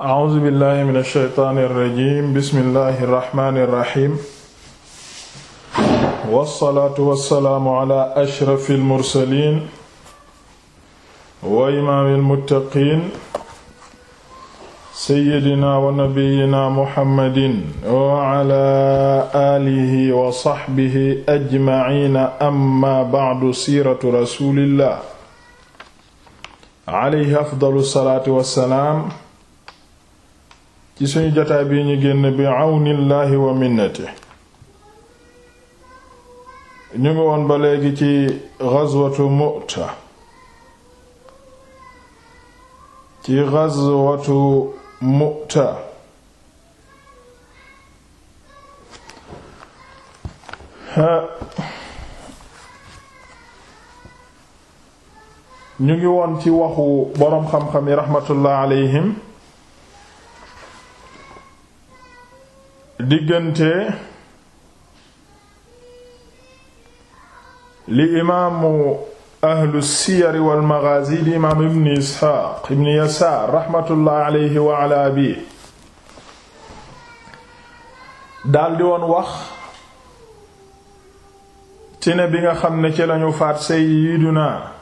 A'uuzu billaahi mina shaytaani rajiim bismillaahi rahmaani rahiim. Wassalaatu wassalaamu alaa ashrafil mursaliin wa imaamil muttaqiin sayyidinaa wa nabiyyinaa Muhammadin wa alaa aalihi wa sahbihi ajmaciina ammaa ba'du siiratu rasuulillaah alayhi afdalu salaatu wassalaam ci suñu jotaay bi ñu génn bi àwnillaahi wa minnati ñu ngi woon ba léegi ci ghazwatu mu'ta ci ghazwatu mu'ta ñu ngi woon ci waxu boroom xam-xam yi raxmatullah alayhim diggante li imaamu ahlu siyar wal maghazi di imaam ibn isxaaq ibn yasaar raxmatullahi alayhi wa ala abi daldi woon wax ci bi nga xam ne ci lañu faat sayyiduna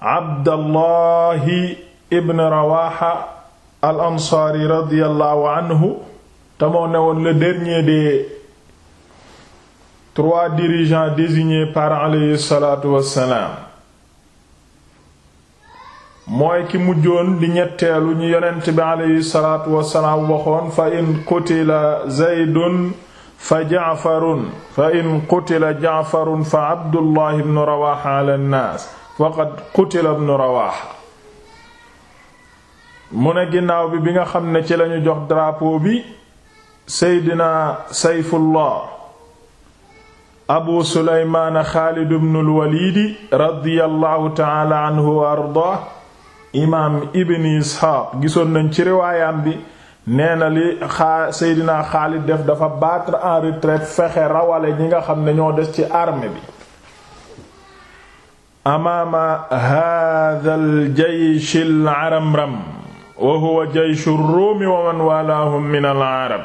abdallahi ibn rawaxa al ansaari radiyallahu anhu te moo newoon le dernier des trois dirigeants désignés par alayhi salaatu wassalaam mooy ki mujjoon di ñetteelu ñu yonent bi alayhi salaatu wassalaam waxoon fa in qutila zaydun fa jaafarun fa in qutila jaafarun fa abdullahi ibnu rawaxa ala nnaas faqad qutila ibnu rawaxa mu ne ginnaaw bi bi nga xam ne ci lañu jox drapeau bi seydina sayfullah abu suleymaana xaalid bnul waliidi radiyallahu taala anhu imaam ibni isxaaq gisoon nañ ci riwaayam bi neena li seydina xaalid def dafa battre en retraite fexe rawale ñi nga xam ne ñoo des ci armée bi amaama haadal jayshil aramram wa huwa jayshu ruumi wa man walaahum arab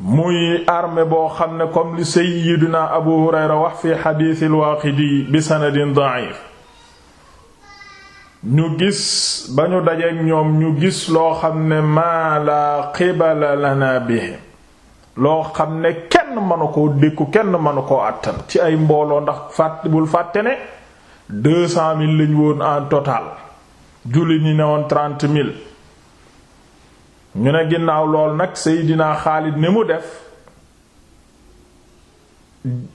muy armée boo xam ne comme li sayyidina abu hurayra wax fi xadiisi alwaaqidi bi sanadin da'if ñu gis ba ñu dajeek ñoom ñu gis loo xam ne maa la qibala lana bihi loo xam ne kenn mënu koo dékku kenn mënu koo àttan ci ay mbooloo ndax fàtt bul fàtte ne deux cent woon en total jullit ñi ne woon trente mille ñu ne ginnaaw lool nag Seydina Xaalid ni mu def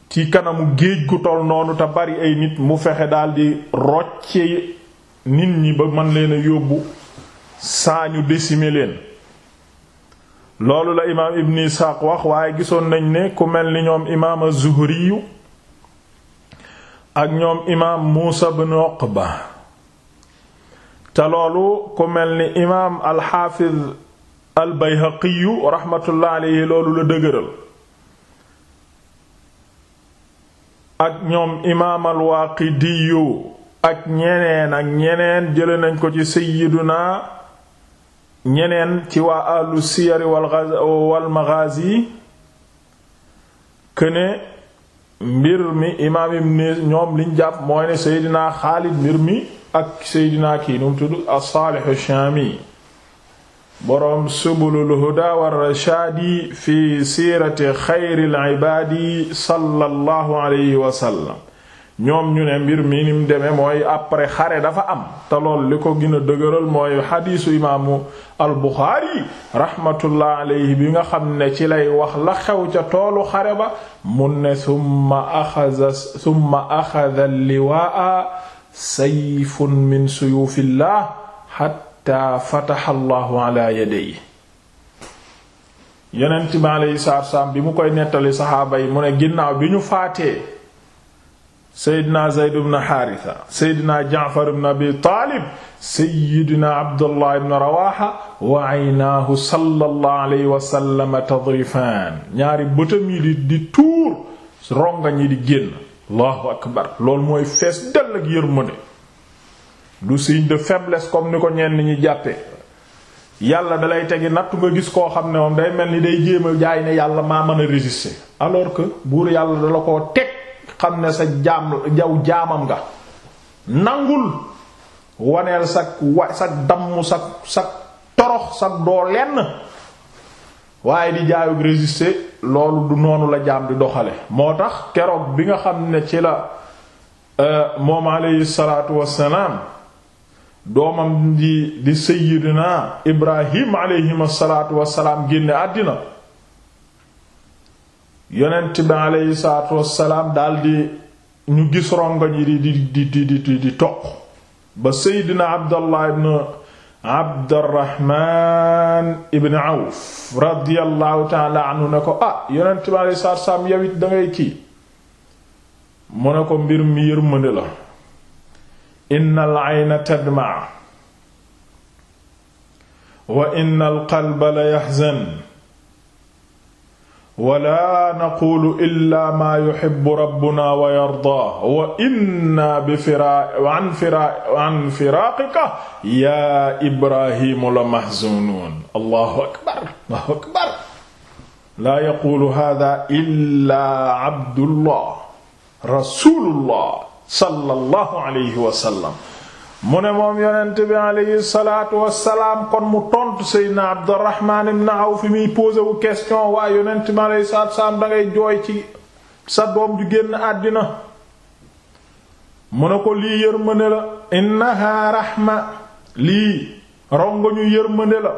ci kanamu géej gu toll noonu te bari ay nit mu fexe daldi rocce nit ñi ba mën leena yóbbu saa ñu décimer leen loolu la imaam Ibn Isaaq wax waaye gisoon nañ ne ku mel ni ñoom imaam az ak ñoom imaam Muusa ibn Uqba te loolu ku mel ni imaam alxaafiz albayhaqiyu raxmatullah alayhi loolu la dëgëral ak ñoom imaam alwaaqidiyu ak ñeneen ak ñeneen jële nañ ko ci sayyiduna ñeneen ci waa ahlu siyari wal maghazi këne mbir mi imaam ibn ñoom liñ jàpp mooy ne sayyidina xaalid mbir mi ak seydinaa kii nu mu tudd as-Saalih ash-Shaami boroom subulul huda war rashaadi fi siirati xayril ibaadi sallallahu alayhi wa ñoom ñu ne mbir mi nim demee mooy après xare dafa am te li ko gën a dëgëral mooy xadiisu imaamu al-Buxaari rahmatullah bi nga xam ne ci lay wax la xew ca toolu xare ba mun ne summa axaza summa sayfun min suyuufillah xatta fataxa allahu ala yadayhi bi mu koy nettali saxaaba yi mu ne ginnaaw bi ñu faate seydina zeyd bn xaarisa seydina jaafar bn abi taalib seydina abdullah bn rawaaxa wa aynaahu sallallahu alayhi wa tadrifaan ñaari bëtam yi di tuur rongañ yi di allahu akbar loolu mooy fees dell ak yërmande du signe de faiblesse comme ni ko ñenn ñi jàppe yàlla dalay tegi nattu nga gis koo xam ne moom day mel ni day jéem a jaay ne yàlla maa mën a résister alors que buur yàlla dala ko teg xam ne sa jaam jaw jaamam nga nangul waneel sa wa sa damm sa sa torox sa doo lenn waaye di jaayug résister loolu du noonu la jaam di doxale moo tax keroog bi nga xam ne ci la euh, moom alayhi salaatu wassalaam doomam di di sayyidina ibrahim alayhim salaatu wassalaam génne àddina yonent bi alayhi salaatu wassalaam daldi ñu gis rongoñ yi di di di di di toq ba sayyidina abdallah ibn Abdurrahman ibn Awf radiyallahu taala anhu ne ko ah yonent bi alei saatu salaam yow it dangay kii mu ne ko mbir mi yërmande la innal ayna tadma wa innal qalba la yahzan wala naqulu illa ma yuhibbu rabbuna wa yardaa wa inna bi firaa an firaa an firaaqika yaa ibrahimu la mahzunuun allahu akbar allahu akbar laa yaqulu haadaa illa abdullah rasulullah sallallahu alayhi wa sallam mu ne moom yonent bi aleyhi salaatu kon mu tontu seydna Abdurrahman ibn Awf mi posé wu question waaye yonent bi aleyhi salaatu wassalaam dangay jooy ci sa doom ju génn àddina mu ne ko lii yërmande la innaha rahma lii rongoñu yërmande la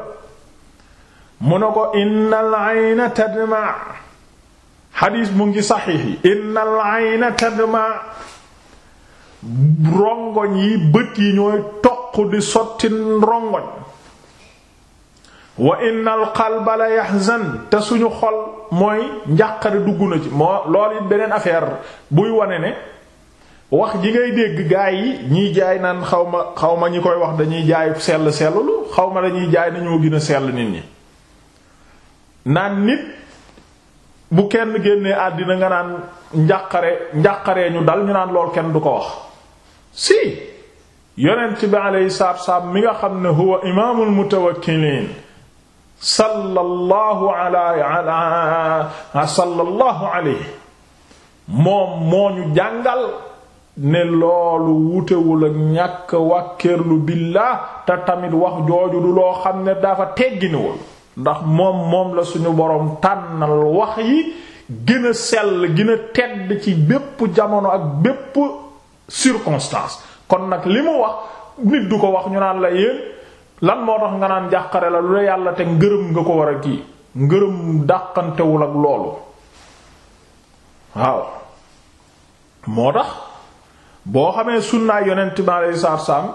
mu ne ko innal ayna tadma xadiis mu ngi saxiix yi innal ayna tadma rongoñ yi bët yi ñooy toq di sotti rongoñ wa inna al qalba te suñu xol mooy njàqare dugg na ci moo loolu it beneen affaire buy wane ne wax ji ngay dégg gaay yi ñiy jaay naan xaw ma ñi koy wax dañuy jaay sell sellulu xaw ma dañuy jaay nañoo gën a sell nit ñi naan nit bu kenn génnee àddina nga naan njàqare njàqaree ñu dal ñu naan lool kenn du ko wax si yonent bi alayhi salaatu mi nga xam ne huwa imaamul mutawakkiliin sallallahu alayhi sallallahu alayhi moom moo ñu jàngal ne loolu wutewul ak ñàkk wàkkeerlu billaah te tamit wax jooju du loo xam ne dafa tegginiwul ndax moom moom la suñu boroom tànnal wax yi gën a sell gën a tedd ci bépp jamono ak bépp circonstance kon nag li mu wax nit du ko wax ñu naan la yéen lan moo tax nga naan jàqare la lu la yàlla te ngërëm nga ko war a kii ngërëm dàqantewul ak loolu waaw moo tax boo xamee sunnaay yonent bi alayhi salaatu salaam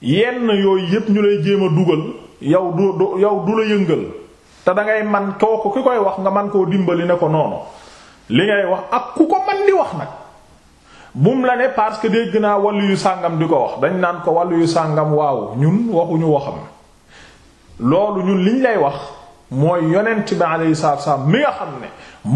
yenn yooyu yépp ñu lay jéem a dugal yow du yow du la yëngal te dangay ngay man kooku ki koy wax nga man koo dimbali ne ko noonu li ngay wax ak ku ko man di wax nag bum la ne parce que dégg naa wàllu yu sàngam di ko wax dañ naan ko wàllu yu sàngam waaw ñun waxuñu waxam loolu ñun liñ lay wax mooy yonent bi alayhi salaatu salaam mi nga xam ne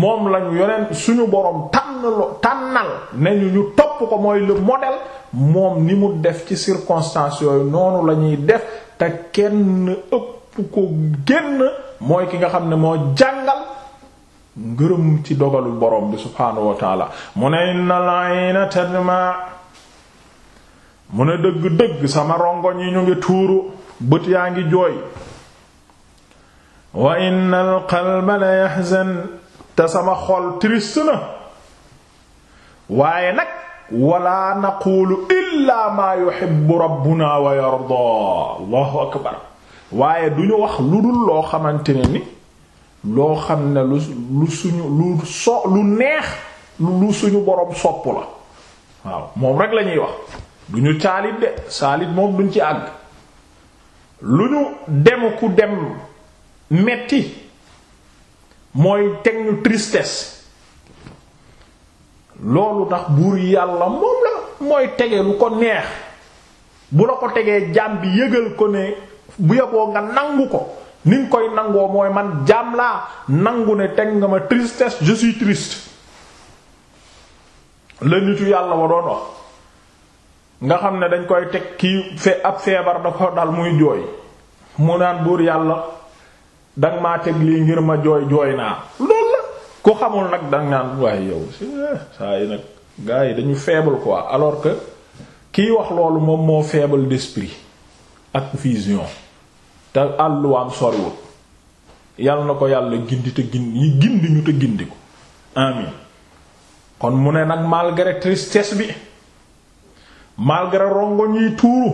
moom lañu yonent suñu borom tànnal tànnal ne ñu ñu topp ko mooy le modèle moom ni mu def ci circonstances yooyu noonu la ñuy def te kenn ëpp ko génn mooy ki nga xam ne moo jàngal. ngërëm ci dogalu borom bi subhaanahu wa taala mu ne innal ayna tadma mu ne dëgg-dëgg sama rongoñ yi ñu ngi tuuru bët yaa ngi jooy wa innal qalba la yahzan te sama xol triste na waaye nag wala naqulu illa ma yuhibbu rabbuna wa yarda allahu akbar wax lu dul loo xamante ne ni loo xam ne lu lu suñu lu so lu neex lu suñu borom sopp la waaw moom rek lañuy wax duñu caalit de saalit moom duñ ci àgg lu ñu dem ku dem metti mooy teg ñu tristesse loolu tax buur yàlla moom la mooy tege lu ko neex bu la ko tegee jaam bi yëgal ko ne bu yeboo nga nangu ko ni nga koy nangoo mooy man jaam laa nangu ne teg nga ma tristesse je suis la nitu yàlla wa doon wax nga xam ne dañ koy teg kii fe ab feebar da ko dal muy jooy mu naan buur yàlla danga maa teg lii ngir ma jooy jooy naa loolu ku xamul nag danga naan waaye yow eh, saa yi nag gars yi dañu faible ko alors que kiy wax loolu moom moo faible d'esprit ak vision te àlluwaam soriwul yal na ko yàlla gindi te gindi gindi ñu te gindi ko amin kon mu ne nag malgré tristesse bi malgré rongoñ yi tuuru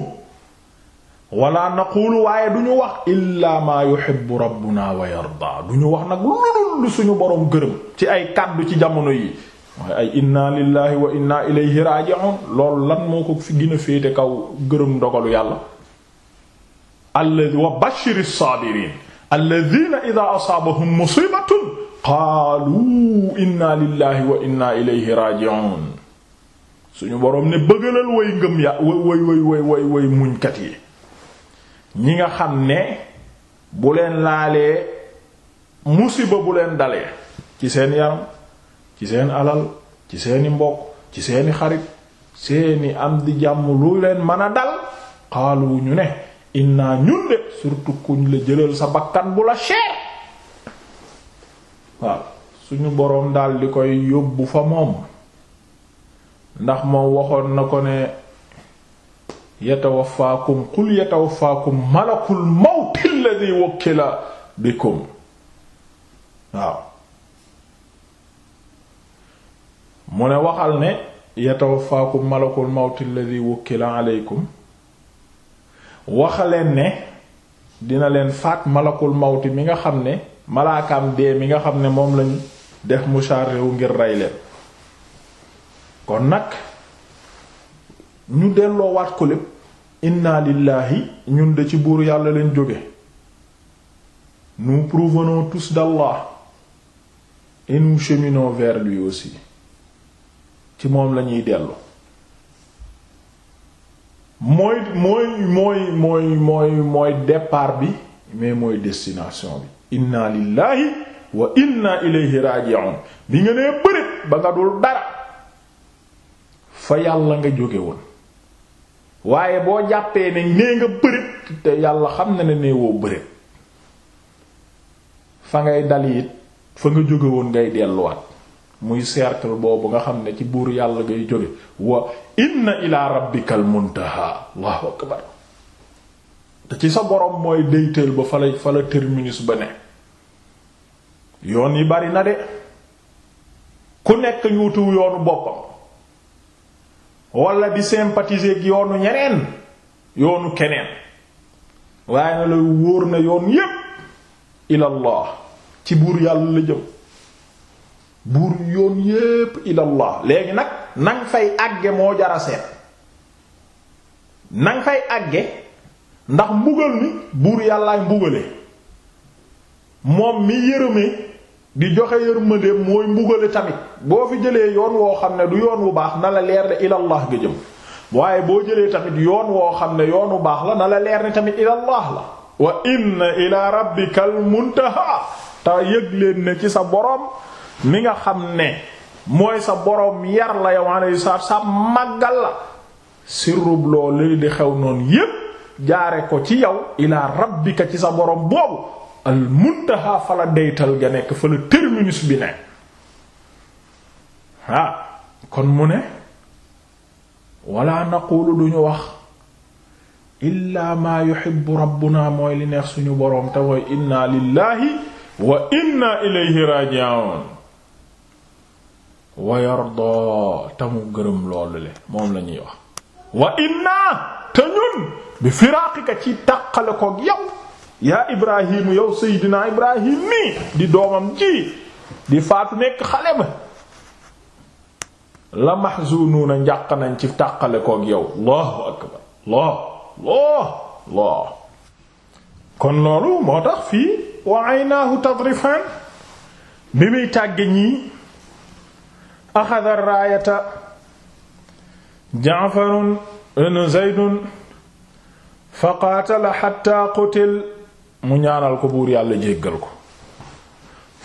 wala naqulu waaye du ñu wax illaa maa yuhibbu rabbuna wa yarda du ñu wax nag lu lu suñu boroom gërëm ci ay kàddu ci jamono yi waaye ay inna lillahi wa inna ilayhi raji'un loolu lan moo ko fi gën féete kaw gërëm ndogalu yàlla alladi wa bashiri saabiriin alladiina idaa asaabahum musiibatun qaalu inna lillahi wa inna ilayhi raaji'uun suñu boroom ne bëggalal way ngëm ya way way way way muñkat yi ñi nga xam ne bu leen laalee musiba bu leen dalee ci seen yaram ci seen alal ci seeni mbokk ci seeni xarit seeni am di jàmm lu leen mën a dal qaalu ñu ne inna ñun de surtout kuñ la jëlal sa bakkan bu la cher waaw suñu boroom dal di koy yóbbu fa moom ndax moom waxoon na ko ne yatawaffaakum qul yatawaffaakum malakul mawti alladhi wukkila bikum waaw mu ne waxal ne yatawaffaakum malakul mawti alladhi wukkila alaykum wax ne dina leen faat malakul mawti mi nga xam ne malaakaam dee mi nga xam ne moom lañ def mu chargé wu ngir ray leen kon nag ñu delloo waat ko lépp inna lillahi ñun de ci buur yàlla leen jóge nous provenons tous d'Allah et nous cheminons vers ci moom lañuy dellu mooy mooy mooy mooy mooy mooy départ bi mais mooy destination bi inna lillahi wa inna ilayhi raji'un bi nga nee bërét ba nga dul dara fa yàlla nga jóge woon waaye boo jàppee ne nee nga bërét te yàlla xam na ne nee woo bërét fa ngay dal it fa nga jóge woon ngay delluwaat muy cercle boobu nga xam ne ci buur yàlla ngay jóge wa inna ila rabbikal muntaha allahu akbar te ci sa boroom mooy déyteel ba fa la fa la terminus ba ne yoon yi bari na de ku nekk ñuutuw yoonu boppam wala di sympathiser ak yoonu ñeneen yoonu keneen waaye na la wóor na yoon yépp ilallah ci buur yàlla la jëm buur yoon yépp ilallah léegi nag nang fay àgge moo jara seet nang fay àgge ndax mbugal mi buur yàllaay mbugale moom mi yërëme di joxe yërmande mooy mbugale tamit boo fi jëlee yoon woo xam ne du yoon wu baax na leer ne ilallah nga waaye boo jëlee tamit yoon woo xam ne yoon wu baax la na leer ne tamit ilallah la wa inna ila rabbikal muntaha te yëg leen ne ci sa boroom mi nga xam ne mooy sa boroom yar la yow alayhi salaatu sa màggal la sirrub loolu di xew noonu yépp jaare ko ci yow ilaa rabbika ci sa boroom boobu al fa la deytal ga nekk fa la terminus bi ne ah kon mu ne wala naqulu duñu wax illaa maa yuhibbu rabbuna mooy li neex suñu boroom te mooy inna lillahi wa inna ilayhi raji'un wa yarda tamu gërëm loolu le moom la ñuy wax wa inna te ñun bi firaaqika ci tàqale koog yow yaa ibrahimu yow seydinaa ibrahim nii di doomam ji di faatu nekk xale ba la mahzunuuna njàq nañ ci tàqale kook yow allahu akbar allah allah kon loolu moo tax fii wa aynaahu tadrifan bi muy tàgge ñii axada raayata jaafarun ibn zaydun fa qaatala xatta qutil mu ñaanal ko buur yàlla jéggal ko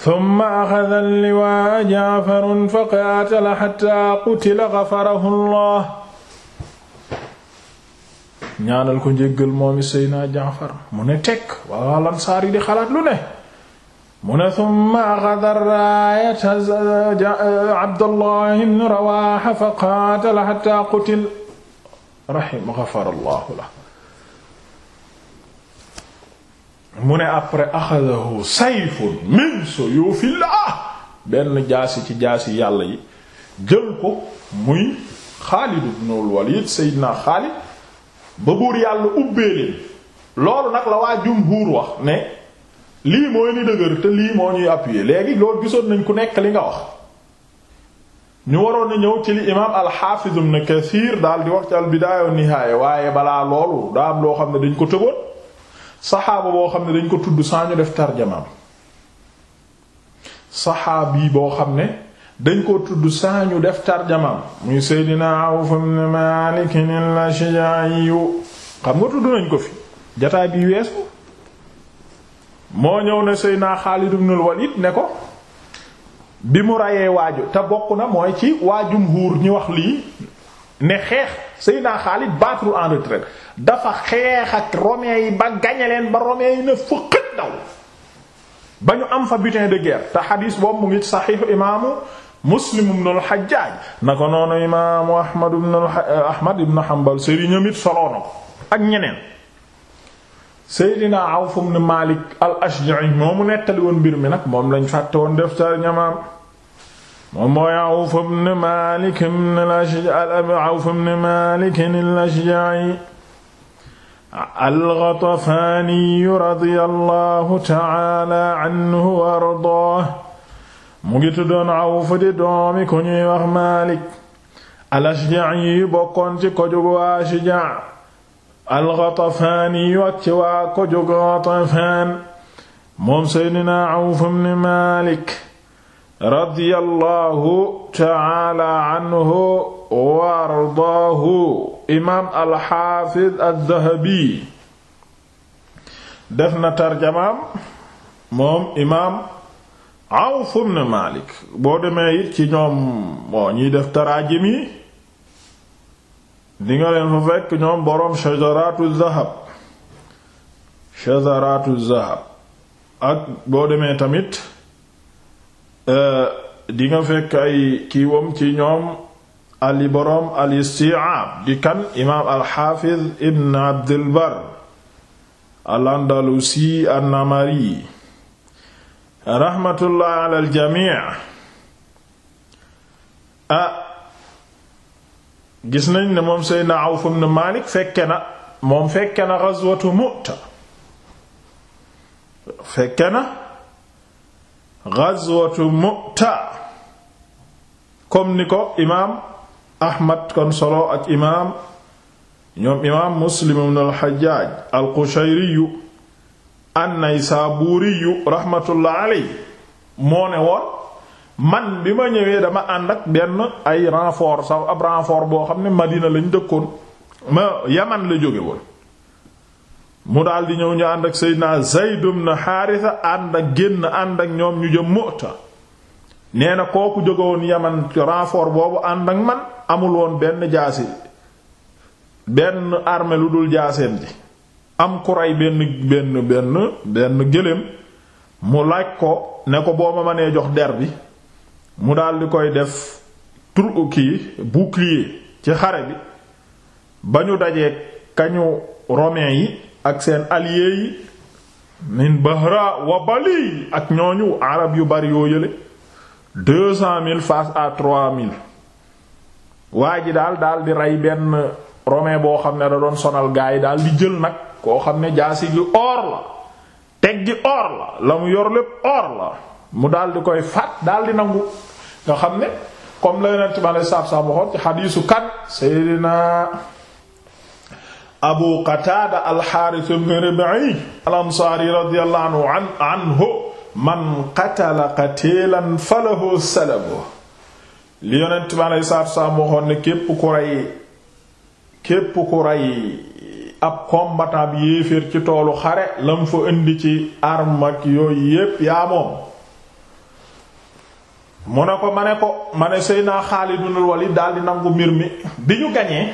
summa axada liwaa jaafarun fa qaatala xatta qutila gafarahu llah ñaanal ko njéggal moomi seydna jaafar mu ne tekk waa lansaar yi di xalaat lu ne mu ne summa axada raayata Abdullah ibn Rawaha fa qaatala hatta qutil rahim ghafara Allahu lahu mu ne après axadahu sayfun min suyufillah benn jaasi ci jaasi yàlla yi jël ko muy Xaalid ibnul Walid Seydina Xaalid ba buur yàlla ubbee leen loolu nag la waa jumhuur wax ne lii mooy ni dëgër te lii moo ñuy appuyer léegi lool gisoon nañ ku nekk li nga wax ñu waroon na ñëw ci li imaam al-Hafiz Ibn Kathir daal di wax ci al-Bidaaya wa Nihaaya waaye balaa loolu daa loo xam ne dañ ko tëboon saxaaba boo xam ne dañ ko tudd saa def def tarjamaam saxaabi boo xam ne dañ ko tudd saa ñu def tarjamaam muy Seydina Awf ibn Maalik al-Ashja'i xam nga tudd nañ ko fi jataay bi weesu moo ñëw ne Seydina Xaalid ibn al-Walid ne ko bi mu rayee waaju te bokk na mooy ci waajum huur ñi wax lii ne xeex Seydina Xaalid battre en retraite dafa xeex ak romains yi ba gañe leen ba romains yi ne fëqët daw ba ñu am fa butin de guerre te xadiis boobu mu ngi saxiixu imaamu Muslim ibn al na ko noonu imaamu Ahmad ibn Ahmad ibn Hanbal sëriñam it soloo ko ak ñeneen Seydina Awf ibn Malik al-Ashja'i moomu nettali woon mbir mi nag moom lañ fàtte woon def sa ñamaam moom mooy Awf ibn Malik ibn al-Ashja'i Awf ibn Malik al-Ashja'i al-Ghatafani radiyallahu ta'ala anhu wa ardaahu mu ngi tuddoon Awf di doomi ko ñuy wax Malik al-Ashja'i bokkoon ci ko jóg waa Ashja' al-Ghatafani ak ci waa ko jóg Ghatafan moom Seydina Awf ibn Malik radiyallahu ta'ala anhu wa ardaahu al-Hafiz ad-Dhahabi def na tarjamaam moom imaam Awf ibn Malik boo demee it ñoom moo ñuy def taraajim yi di nga leen fa fekk ñoom boroom shajaratu zahab shajaratu zahab ak boo demee tamit e, dinga fekk ay kiiwam ci ñoom ali boroom al isti'ab di kan imaam alxaafiz ibn abdilbar al andalusi annamari rahmatullah ala al jami' ah gis nañ ne moom Seydina Awf ibn Malik fekke na moom fekke na ghazwatu Mu'ta kom na ghazwatu ni ko imaam Ahmad kon ak imaam ñoom imaam Muslim ibn al-Hajjaj al-Qushayri an-Naysaburi rahmatullah alayhi moo ne man bi ma ñëwee dama ànd ak benn ay renfort sax ab renfort boo xam ne Madina lañ dëkkoon ma Yaman la jóge woon mu daldi ñëw ñu ànd ak Seydina Zayd ibn Haarisa ànd ak génn ànd ak ñoom ñu jëm Mu'ta nee na kooku jóge woon Yaman renfort boobu ànd ak man amul woon benn jaasi benn armée lu dul jaaseen ji am ku benn benn benn benn gëléem mu laaj ko ne ko boo ma mënee jox der bi mu daal di koy def tur kii bouclier ci xare bi ba ñu dajee kañu romin yi ak seen allié yi min Bahra wa Bali ak ñooñu arab yu bari yoo yële deux cent mille face à trois mille waa ji daal daal di rey benn romin boo xam ne da doon sonal gaa yi daal di jël nag koo xam ne jaasi gi or la teg gi la la yor lépp or la mu daal koy faat daldi di nangu nga xam ne comme la yonent bi aleyhi salaatu salaam waxoon ci xadiisu kat Seydina Abu Qataada al-Haaris ibn al-Ansaari radiyallahu anhu an man qatala qatiilan falahu salabuhu li yonent bi aleyhi salaatu salaam waxoon ne képp ku rey képp ku ab combattant bi ci toolu xare lam fa indi ci arme ak yooyu yépp yaa moom mu ne ko ma ne ko ma ne Seydina Xaalid ibn Walid daal nangu mbir mi bi ñu gañee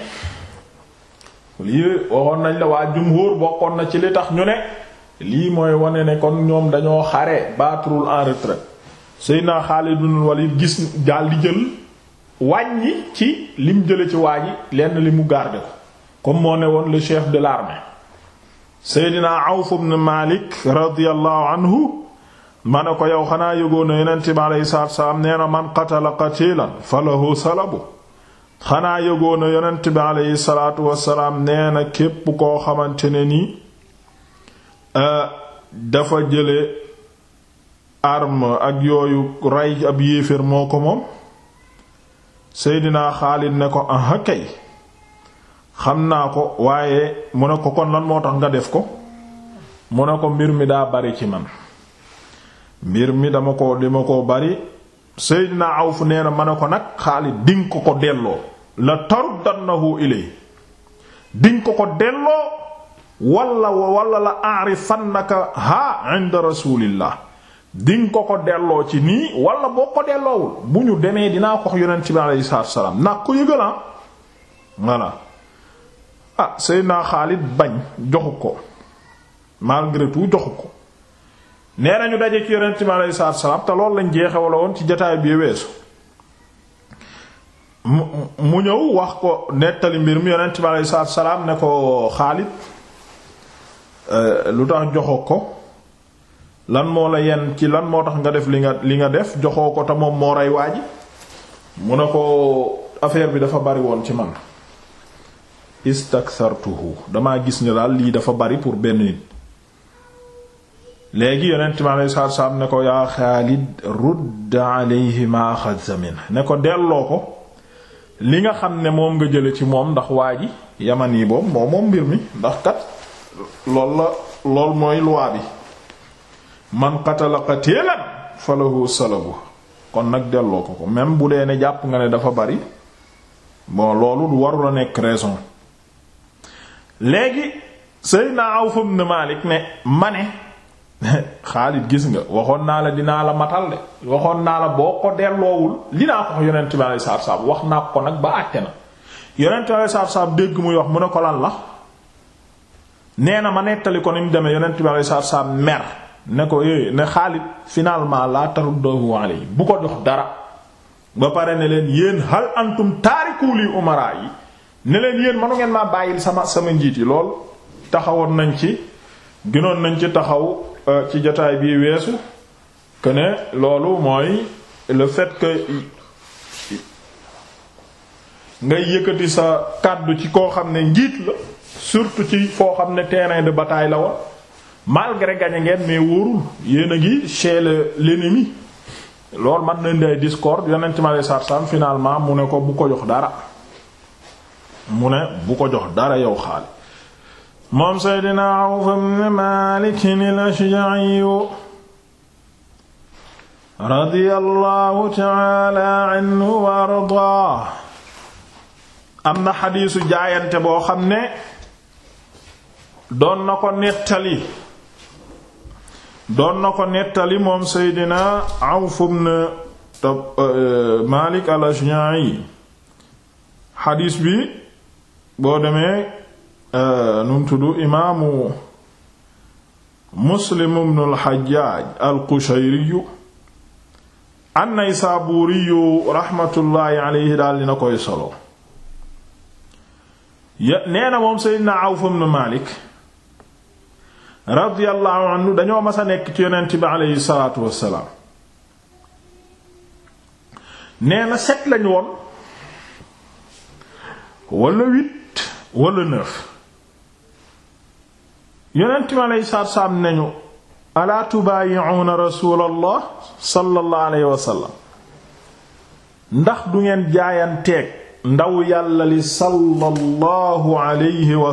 lii waxoon nañ la waa jumhur bokkoon na ci li tax ñu ne lii mooy wane ne kon ñoom dañoo xare battrul en retraite Seydina Xaalid ibn gis daal di jël wàññi ci lim jële ci waa ji lenn li mu garder ko comme moo ne woon le chef de l'armée Seydina Awf ibn Malik radiyallahu anhu ma ne ko yow xanaa yëgoon na yonent bi alayhi salaatu salaam nee na man qatala qatiilan falahu salabu xanaa yëgoon na yonent bi alayhi salaatu wasalaam nee na képp koo xamante ne nii euh, dafa jële arme ak yooyu rey ab yéeféer moo ko moom Seydina Xaalid ne ko aha kay xam naa ko waaye mu ne ko kon lan moo tax nga def ko mu ne ko mbir mi daa bari ci man mbir mi dama ko dama ko bari Seydina Awf nee na ma ne ko nag Xaalid di nga ko ko delloo la taruddannahu ilay di ko ko delloo wala wala la aarifannaka ha inda rasulillah di nga ko ko delloo ci nii wala boo ko delloowul bu ñu demee dinaa ko wax yonent bi alayhi naa ko ah. Ah, bañ joxu ko malgré joxu ko nee nañu daje ci yonent bi aleyhi salaam te loolu lañ jeexewala woon ci jotaay bi weesu mu ñëw wax ko nettali mbir mi yonent bi aleyhi salaam ne ko Xaalid euh, lu tax joxoo ko lan moo la yenn ci lan moo tax nga def li nga li nga def joxoo ko te moom moo rey waa mu ne ko affaire bi dafa bari woon ci man istakthartuhu damaa gis ne daal lii dafa bari pour benn nit léegi yonent mi alayhi salaatu salaam ne ko yaa Xaalid rudd alayhi ma ne ko delloo ko li nga xam ne moom nga jële ci moom ndax waa ji yaman yi boobu moom moom mbir mi ndax kat lool la lool mooy luwaa bi man qatala qatilan falahu salabu kon nag delloo ko ko même bu dee ne jàpp nga ne dafa bari bon loolu waru la nekk raison léegi Seydina Awf ibn Malik ne ma ne Xaalid gis nga waxoon naa la dinaa la matal waxoon naa la boo ko delloowul li naa ko wax yonent bi alayhi salaatu wax naa ko nag ba àtte na yonent bi alayhi salaatu salaam ko lan la nee na ma nettali ko ni mu demee yonent bi alayhi mer ne ko eh ne Xaalid finalement laa taruddahu alayhi bu ko jox dara ba pare ne leen yéen hal antum taariku li yi ne leen yéen manu ngeen maa bàyyil sama sama njiit yi lool taxawoon nañ ci ginoon nañ ci taxaw. Euh, ci jataay bii weesu que ne loolu mooy le fait que ngay yëkkati sa kàddu ci koo xam ne njiit la surtout ci foo xam ne terrain de bataay la woon malgré gagné ngeen mais wóorul yéen a ngi chez l'ennemi loolu man nañ day discorde yonent ma lay sarsam finalement mu ne ko bu ko jox dara mu ne bu ko jox dara yow xaalis moom Seydina Awf ibn Maalik al radiyallahu ta'ala ardaa am na xadiisu jaayante boo xam ne doon na ko nettali moom Seydina Awf ibn Maalik al bi boo demee Euh, nu tudd imaamu muslim ibn al-Hajjaj al-Qushayri an-Naysaburi rahmatullahi alayhi daal dina koy solo nee na moom Seydina Awf ibn Malik radiyallahu anhu dañoo ma a nekk ci yonent bi alayhi salaatu wassalaam nee set lañu woon wala huit wala neuf yonent mi aleyhi salaatu salaam nañu alaa tubaayi'uuna rasuulallah sallallahu alayhi ndax du ngeen jaayanteeg ndaw yàlla li sallallahu alayhi wa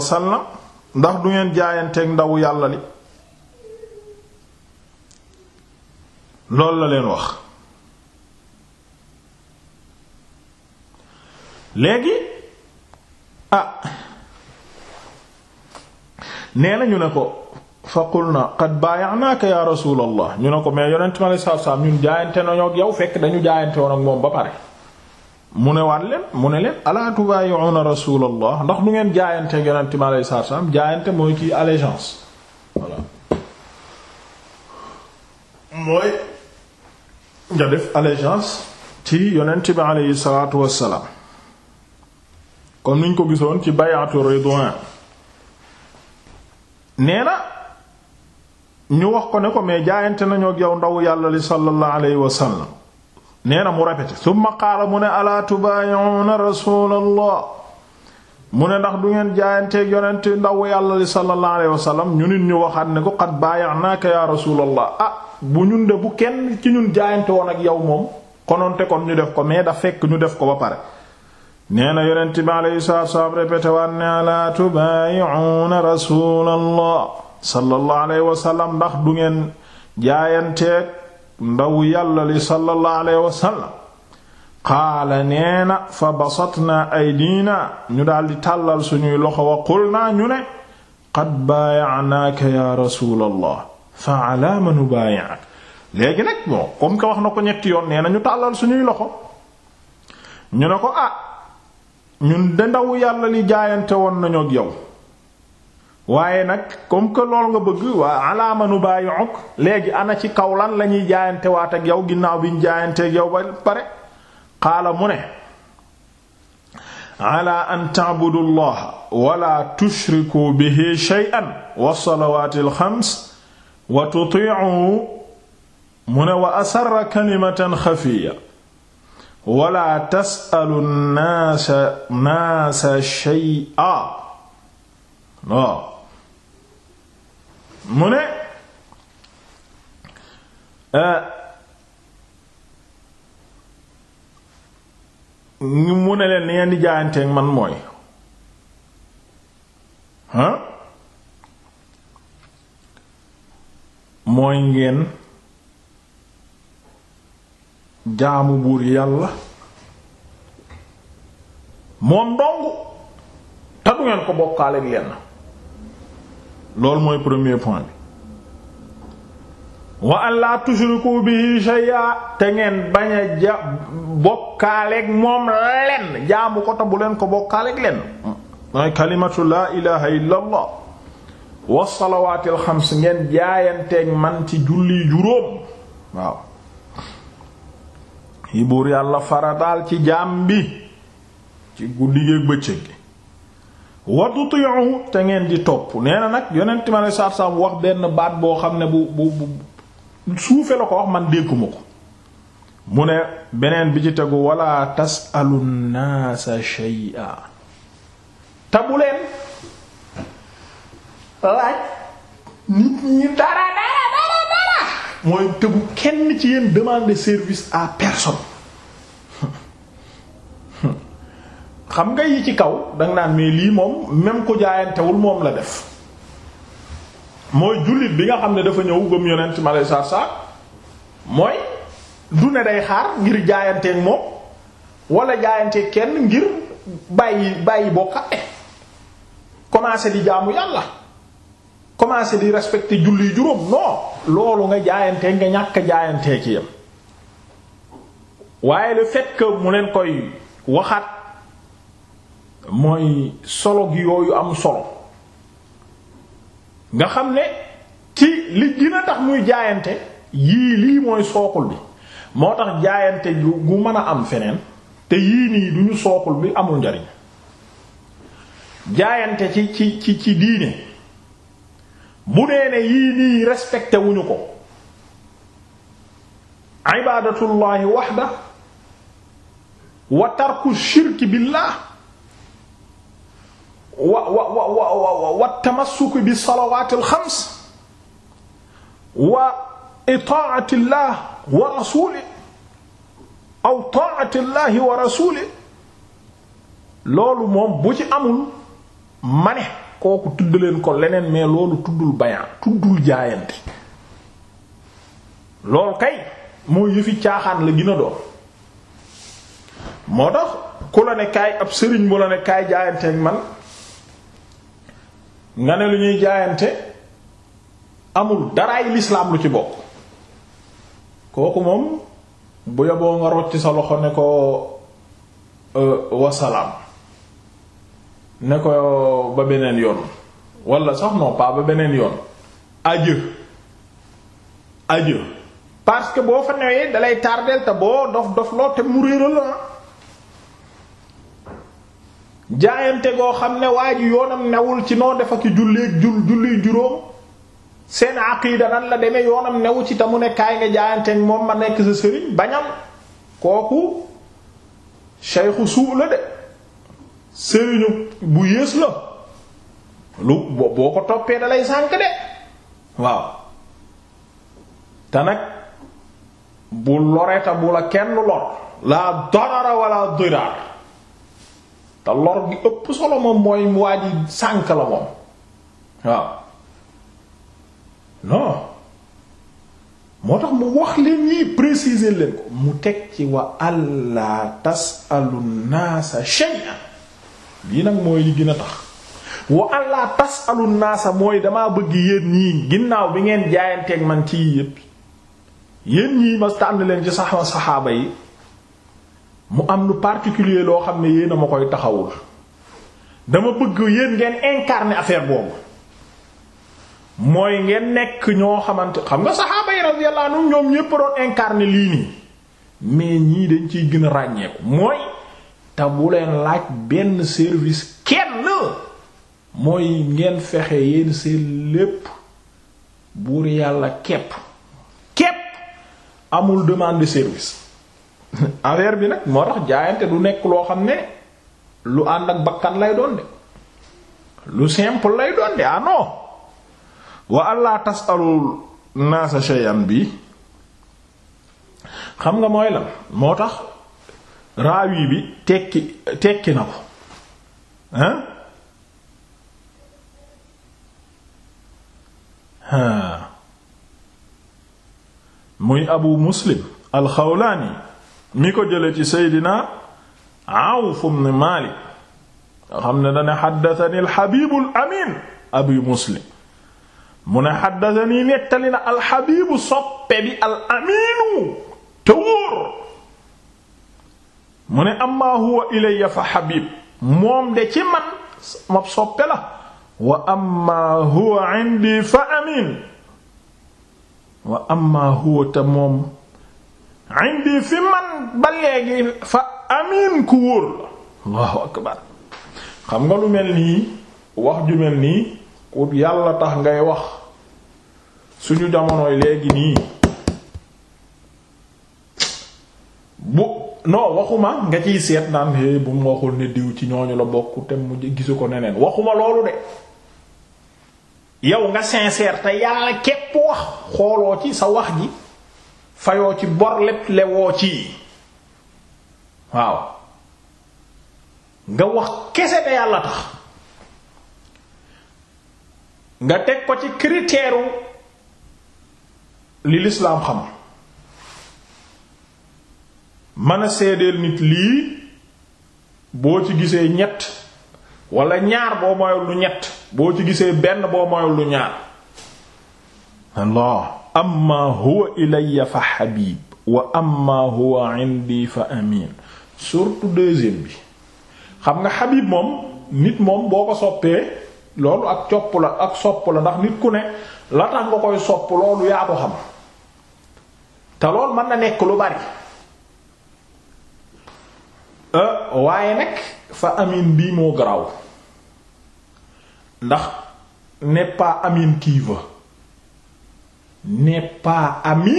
ndax du ngeen jaayanteeg ndaw yàlla li loolu la leen wax léegi ah nee na ñu ne ko fa qulna qad baayaanaaka ya rasulallah ñu ne ko mais yonent mi aleyhi salaatu salaam ñun jaayante nañoo ak yow fekk dañu jaayante woon ak moom ba pare mu ne waat leen mu ne leen alaa tubaayi'uuna rasulallah ndax du ngeen jaayante ak yonent mi aleyhi salaatu salaam jaayante mooy kii allégeance voilà mooy nga def allégeance ci yonent bi aleyhi salaatu wassalaam comme niñ ko gisoon ci bay'atu ridwaan nee na ñu wax ko ne ko mais jaayante nañu ak yow ndaw yàlla li sallallahu alayhi wa sallam nee na mu répété summa qaala mu ne alaa tubaayi'uuna rasuulallah mu ne ndax du ngeen jaayanteeg yonent ndawu yàlla li sallallahu alayhi wa ñu nit ñu waxaat ne ko qad baayaanaaka yaa rasuulallah ah bu ñun de bu kenn ci ñun jaayante woon ak yow moom konoonte kon ñu def ko mais da fekk ñu def ko ba pare nee na yonent bi alayhi salaatu salaam répété waan ne alaa tubaayi'uuna rasuulallah sallallahu alayhi ndax du ngeen jaayanteeg ndaw yàlla li sallallahu alayhi wa na fa basatnaa aydiina ñu daldi tàllal suñuy loxo wa qulnaa ñu ne qad baayaanaaka yaa rasuulallah fa alaa ma nubaayi'uka léegi nag bon comme wax na ko ñetti yoon nee ñu tàllal suñuy loxo ñu ne ko ah ñun de ndaw yàlla li jaayante woon nañu ak yow waaye nag comme que lool nga bëgg waa alaamanu bàyyi ok léegi ana ci kaw lan la jaayante waat ak yow ginnaaw bi ñu jaayante ak yow ba pare xaala mu ne ala an ta'budu llaha wala tushriku bihi shay'an wa salawaati alxams wa tuti'u mu ne wa asarra kalimatan xafiya wala tasalu naasa naasa shay'a waaw mu ne eh, mu ne leen ni di jaayanteeg man mooy ah mooy ngeen jaamu buur yàlla moom dong te du ngeen ko bokkaale ak lenn mooy premier point bi wa an laa tushriku bihi shay'a te ngeen bañ a ja bokkaale moom lenn jaamu ko te bu leen ko bokkaale ak lenn mooy kalimatu laa ilaha illa allah wa salawaatil ngeen jaayanteeg man ci julli juróom waaw yi buur yàlla farataal ci jaam bi ci guddi géeg bëccëg gi wa tuti'uhu te ngeen di topp nee na nag yonent ma ne saab wax benn baat boo xam ne bu bu bu suufe la ko wax man dégguma ko mu ne beneen bi ci tegu wala tas naasa shay'a te bu leen nit ñi dara mooy te kenn ci yéen demande service à personne xam nga yi ci kaw danga naan mais lii moom même ko jaayantewul moom la def mooy jullit bi nga xam ne dafa ñëw gëm yonent ma lay saa mooy du ne day xaar ngir jaayanteeg moom walla jaayante kenn ngir bàyyi bàyyi bokkaale eh, commencé di jaamu yàlla. commencer di respecter julli juróom non loolu nga jaayante nga ñàkk jaayantee ci yam waaye le fait que mu leen koy waxaat mooy solo gi yooyu am solo nga xam ne ci li dina tax muy jaayante yii lii mooy sookul bi moo tax jaayante gu mën a am feneen te yii nii duñu sookul bi amul njariñ jaayante ci ci ci ci diine bu dee ne yii nii respecté wuñu ko ibaadatullahi waxda wa tarku shirki billah wa wa wa wa wa wa tamassuku bi salawaatil xams wa itaatillah wa rasuli aw taatillahi wa rasuli loolu moom bu ci amul ma ne kooku tudd leen ko leneen mais loolu tuddul bayaan tuddul jaayante loolu kay moo yëfi caaxaan la gina a doon moo tax ku la ne kaay ab sëriñ bu la ne kaay jaayante ak man nga ne lu ñuy jaayante amul daraay lislaam lu ci bokk kooku moom bu yoboo nga rocc sa loxo ne ko euh, wasalaam ne ko ba beneen yoon wala sax non ba beneen yoon adieu adieu parce que boo fa newee dalay tardeel te boo dof dof loo te mu réeral la jaayante goo xam ne waa ji yoonam newul ci noo def ak julli jul julli juróom seen aqiida nan la demee yoonam newu ci tamu mu ne kaay nga jaayante moom ma nekk sa sëriñ bañam kooku sayxu suu la de sëriñu bu yées la lu boo ko toppee dalay sànk de waaw te nag bu loreta kenn lor la darara wala diraar te lor gi ëpp solo mooy waa ji sànk la moom waaw non moo tax mu wax leen yi préciser leen ko mu teg ci wa allah tasalu naasa shay'an bii nag mooy li gën a tax wa allah tas alu naasa mooy damaa bëgg yéen ñii ginnaaw bi ngeen jaayanteeg man ci yépp yéen ñii ma tànn leen ci saxma saxaaba yi mu am lu particulier loo xam ne yéen a ma koy taxawul dama bëgg yéen ngeen incarner affaire boobu mooy ngeen nekk ñoo xamant xam nga saxaaba yi radiyallahu anhum ñoom ñépp doon incarner lii nii mais ñii dañ ciy gën a ràññeeku mooy. te bu leen laaj benn service kenn mooy ngeen fexe yéen seen lépp buur yàlla képp kepp amul demande de service bi nag moo tax jaayante du nekk loo xam ne lu ànd ak bakkan lay doon de lu simple lay doon de ah wa allah tasalul naasa shay'an bi xam nga mooy lan moo tax raawi bi tekki tekki na ko haa muy abu muslim alxawlaani mi ko jële ci seydina awf ibn maalik nga xam ne dana xaddatani alxabiibu alamin abu muslim mu ne xaddatani nettali na alxabiibu soppe bi alamiinu te wóor mu ne amma huwa ilayya fa habib moom de ci man ma soppe la wa amma huwa indi fa amin wa amma huwa te moom indi fi man ba léegi fa amin ku wóor la allahu akbar xam nga lu mel nii wax ju mel nii ku yàlla tax ngay wax suñu jamonoy léegi nii bu non waxuma nga ciy seet naan é bu mu waxul ne diw ci ñooñu la bokk te mu gisu ko neneen waxuma loolu de yow nga sincère te yàlla képp wax xooloo ci sa wax ji fayoo ci bor lépp lewoo ci waaw nga wax kese te yàlla tax nga teg ko ci critère li lislaam xam mën a seedeel nit lii boo ci gisee ñett walla ñaar boo moyul lu ñett boo ci gisee benn boo moyul lu ñaar allah amma huwa ilayya fa xabib wa amma huwa indi fa amin surtout deuxième bi xam nga xabib moom nit moom boo ko soppee loolu ak copp la ak sopp la ndax nit ku ne la tax nga koy sopp loolu yaa ko xam te loolu mën na nekk lu bari Euh, waaye nag fa amin bii moo garaaw ndax n'est pas amin qui veut n'est pas amin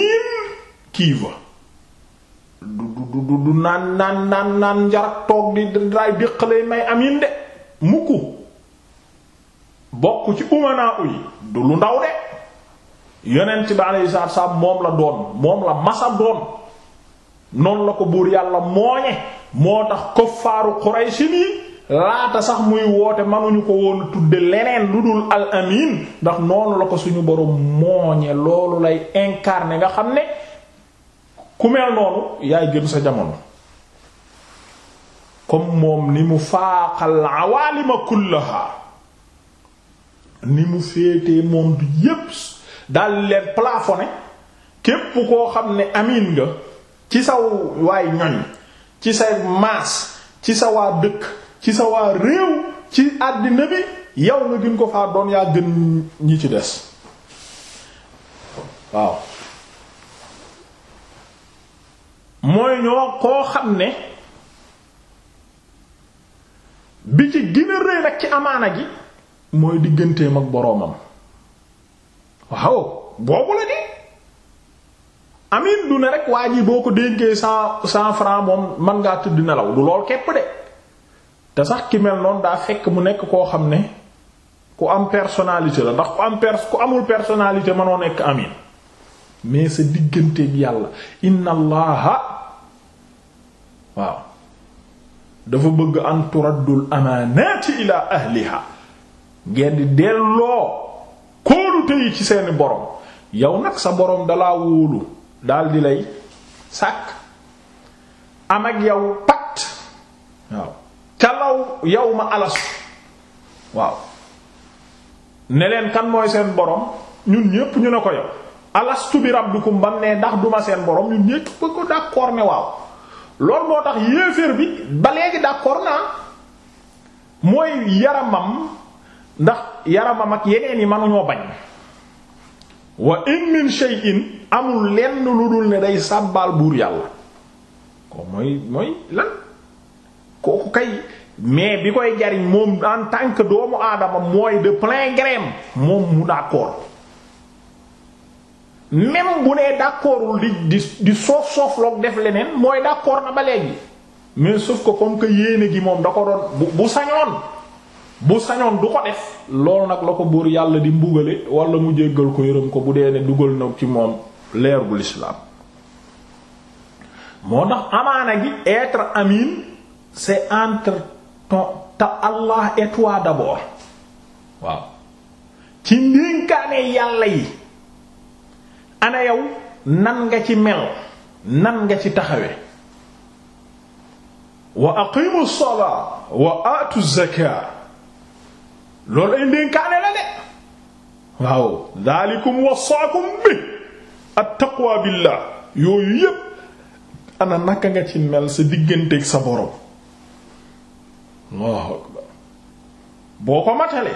du du du du naan naan naan naan toog di daay déqalay may amin de mukk bokk ci umanaa yi du lu ndaw de yonent bi alayhi salaatu wa salaam moom la doon moom la masa doon noonu la ko buur yàlla mooñe moo tax kuffaaru Quraysh nii laata sax muy woote mënuñu ko woon tudde leneen lu dul al amin ndax noonu la ko suñu borom mooñe loolu lay incarner nga xam ne ku mel noonu yaay gën sa jamono comme moom ni mu faaqal awaalima kullaha ni mu féetee moom yépp dal leen plafonné képp koo xam ne amin nga ci saw waay ñoñ ci say maas ci sawaa dëkk ci sa waa réew ci àddina bi yow nga gën ko faa doon yaa gën ñi ci des waaw mooy ñoo koo xam ne bi ci gën rëy nag ci amaana gi mooy digganteem ak boroomam waaw boobu la di amin du ne rek waa ji boo ko dénkee cent cent francs moom man ngaa tëdd nelaw du lool képp de te sax ki mel noon daa fekk mu nekk koo xam ne ku am personnalité la ndax ku am pers ku amul personnalité manoo nekk amin mais sa digganteeg yàlla inna waaw dafa bëgg am turaddul amaanaati ila ahliha ngeen di delloo kóolu tey ci seeni borom yow nag sa boroom dalaa wóolu daal di lay sàkk am ak yow pat waaw ca law yow ma alas waaw ne leen kan mooy seen borom ñun ñépp ñu ne ko yow alastu bi rabbikum bam ne ndax duma seen borom ñun ñépp ko d'accord ne waaw lool moo tax yéeféer bi ba léegi d'accord naa mooy yaramam ndax yaramam ak yeneen yi mënuñoo bañ wa in min shay'in amul lenn lu dul ne day sàbbaal buur yàlla ko mooy mooy lan kooku kay mais bi koy jariñ moom en tant que doomu aadama mooy de plein gré moom mu d'accord même bu nee d'accordul di di di soof soof def leneen mooy d'accord na ba léegi mais sauf que comme que yéene gi moom da ko doon bu bu sañoon bu sañoon du ko def loolu nag la ko buur yàlla di mbugale wala mu jéggal ko yërëm ko bu dee ne dugal na ci moom leer bu lislaam moo tax amaana gi être amin c'est entre ton te Allah et toi d'abord waaw ci ndénkaane yàlla yi ana yow nan nga ci mel nan nga ci taxawe wa aqimu salaa wa aatu zakaa loolu ay ndénkaane la de waaw daalikum wasaakum bi at taqwa yooyu yépp ana naka nga ci mel sa digganteeg sa borom Allahu akbar boo ko matale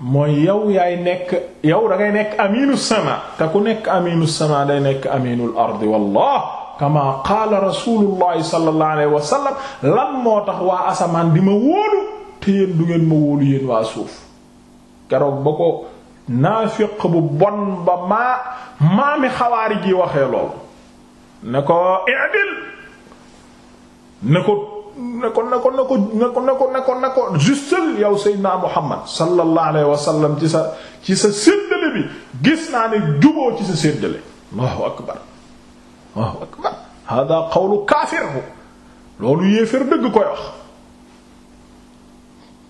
mooy yow yaay nekk yow dangay nekk aminu sama te ku nekk aminu sama day nekk aminul ard wallah kama qaala rasulullahi sallallahu alayhi wa lan moo tax waa asamaan di ma wóolu te yéen du ngeen ma wóolu yéen waa suuf keroog ba ko naafiq bu bon ba maa maami xawaari gi waxee loolu ne ko i'dil ne ko ne ko ne ko ne ko ne ko ne ko ne ko ne ko justel yow Seydina Muhammad sallallahu naa ne juboo ci sa séddale Allahu akbar Allahu qawlu kaafir loolu yéefér dëgg koy wax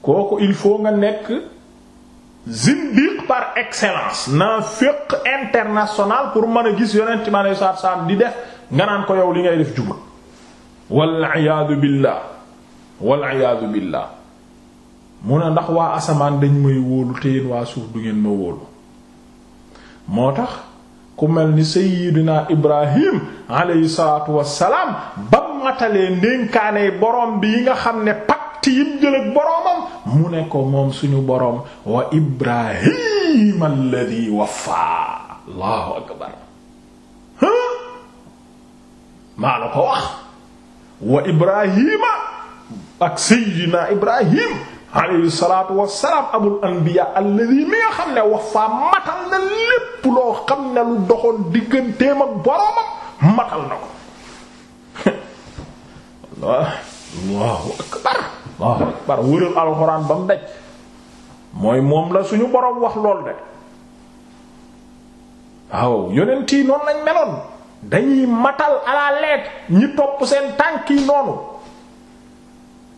kooku il faut nga nekk zindiq par excellence naafiq international pour mën a gis yonent mi aleyhi a salaam di def nga naan ko yow li ngay def jubut wal iyaadu billah wal iyaadu billah mu ne ndax waa asamaan dañ may wóolu te yéen waa suuf du ngeen ma wóolu moo tax ku mel ni sayyidina ibrahim aleyhi salaatu ba matalee ndénkaaney borom bi yi nga xam ne pacte yim jël boroomam mu ne ko moom suñu boroom wa ibrahim alladhi wafa allahu akbar maa la ko wax wa ibrahima ak sayyidina ibrahim alayhi salatu anbiya alladhi mi nga waaw akbar wëral alxuraan ba mu daj mooy moom la suñu boroom wax lool de waaw yonent yi noonu lañ meloon dañuy matal à ñi topp seen tànk yi noonu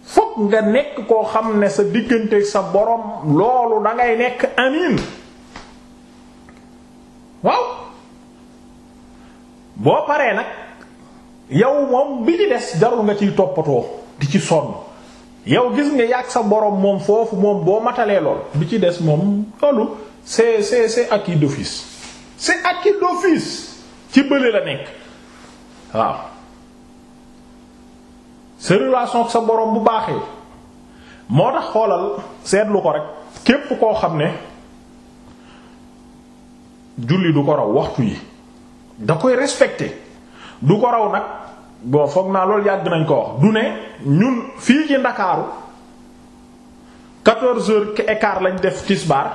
fokk nga nekk koo xam ne sa diggante sa boroom loolu da ngay nekk amiin waaw boo paree nag yow moom bi di des jarul nga ciy toppatoo di ci sonn yow gis nga yàgg sa borom moom foofu moom boo matalee lool bi ci des moom loolu c'est c'est c'est acquis d'office c'est acquis d'office ci bële la nekk waaw sa relation ak sa borom bu baaxee moo tax xoolal seetlu ko rek képp koo xam ne julli du ko raw waxtu yi da koy respecté du ko raw nag bon foog naa loolu yàgg nañ ko wax du ne ñun fii ci Ndakaaru quatorze heures et quart lañ def tisbaar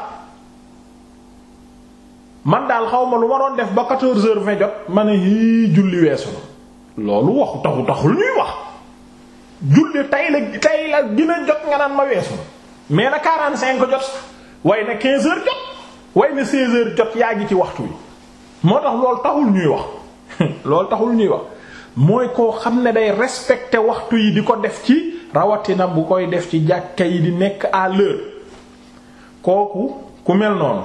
man daal xaw ma lu ma doon def ba quatorze heures vingt jot ma ne yii julli weesu na loolu waxu taxu taxul ñuy wax julli tay la tay la dina jot nga naan ma weesu na mais na quarante cinq jot way na quinze heures jot way na seize jot yaa ngi ci waxtu wi moo tax loolu taxul ñuy wax loolu taxul ñuy wax mooy ko xam ne day respecter waxtu yi di ko def ci rawatina bu koy def ci jàkka yi di nekk à l'heure kooku ku mel noonu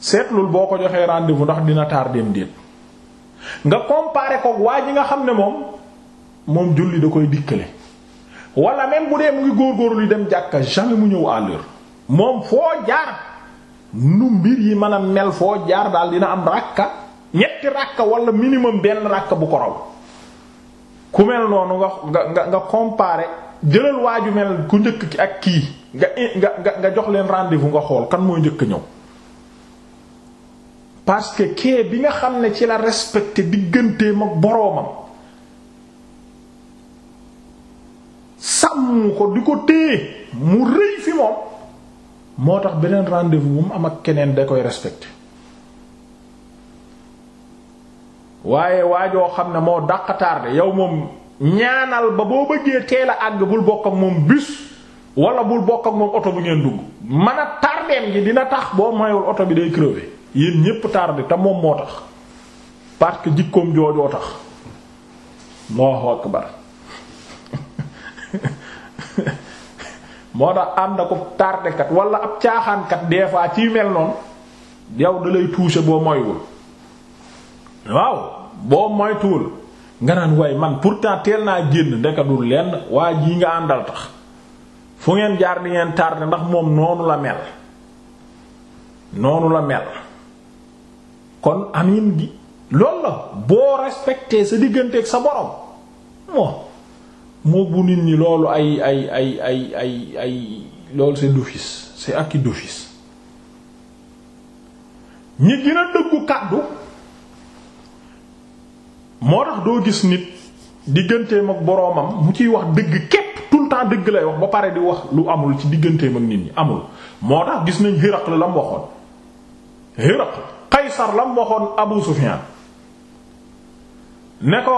seetlul boo ko joxee rendez-vous ndax dina tardem déet nga comparer ko waa ji nga xam ne moom moom julli da koy dikkale walla même bu dee mu ngi góorgóorlu dem jàkka jamais mu ñëw à moom foo jaar nu mbir yi mën a mel foo jaar daal dina am ràkka ñetti ràkka wala minimum benn ràkka bu ko raw ku mel noonu nga nga nga comparer jëlal waaju mel ku njëkk ki ak kii nga nga nga jox leen rendez-vous nga xool kan moo njëkk ñëw parce que kee bi nga xam ne ci la respecté diggante ak boroomam sàmm ko di ko téye mu rëy fi moom moo tax beneen rendez-vous mu am ak keneen da koy respecté waaye waa joo xam ne moo daq tardé yow moom ñaanal ba boo bëggee teel àgg bul bokk ak moom bus wala bul bokk ak moom oto bu ngeen dugg man a tardéem gi dina tax boo mayul oto bi day crever yéen ñépp tardé te moom moo tax parce que jikkoom joojoo tax Allahu moo tax ànd ko tardékat wala ab caaxaankat des fois ci mel noonu yow da lay toucher boo moywul waaw boo moytuwul nga naan waaye man pourtant teel naa génn ndekadul lenn waa jii nga àndal tax fu ngeen jaar di ngeen tardé ndax moom noonu la mel noonu la mel kon amin gi loolu la boo respecté sa digganteeg sa borom moo moo bu nit ñi loolu ay ay ay ay ay ay loolu c'est d'office c'est acquis d'office ñi gën a kàddu moo tax doo gis nit digganteem ak boroomam mu ciy wax dëgg képp tout le temps dëgg lay wax ba pare di wax lu amul ci digganteem ak nit ñi amul moo tax gis nañ Hiraql lam waxoon Hiraql Qaysar lam waxoon Abu Sufyan ne ko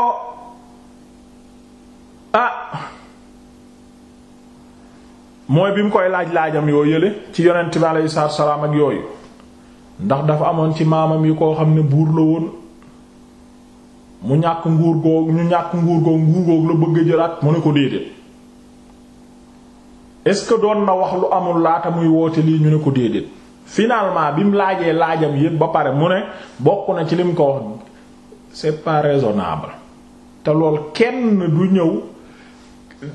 ah mooy bi mu koy laaj laajam yoo yële ci yonent bi alayhi salaatu wa salaam ak yooyu ndax dafa amoon ci maamam yi koo xam ne buur la woon mu ñàkk nguur googu ñu ñàkk nguur googu nguur googu la bëgg jëlaat mu ne ko déedéet est-ce que doon na wax lu amul laata muy woote lii ñu ne ko déedéet finalement bi mu laajee laajam yépp ba pare mu ne bokk na ci lim ko wax c'est pas raisonnable te lool kenn du ñëw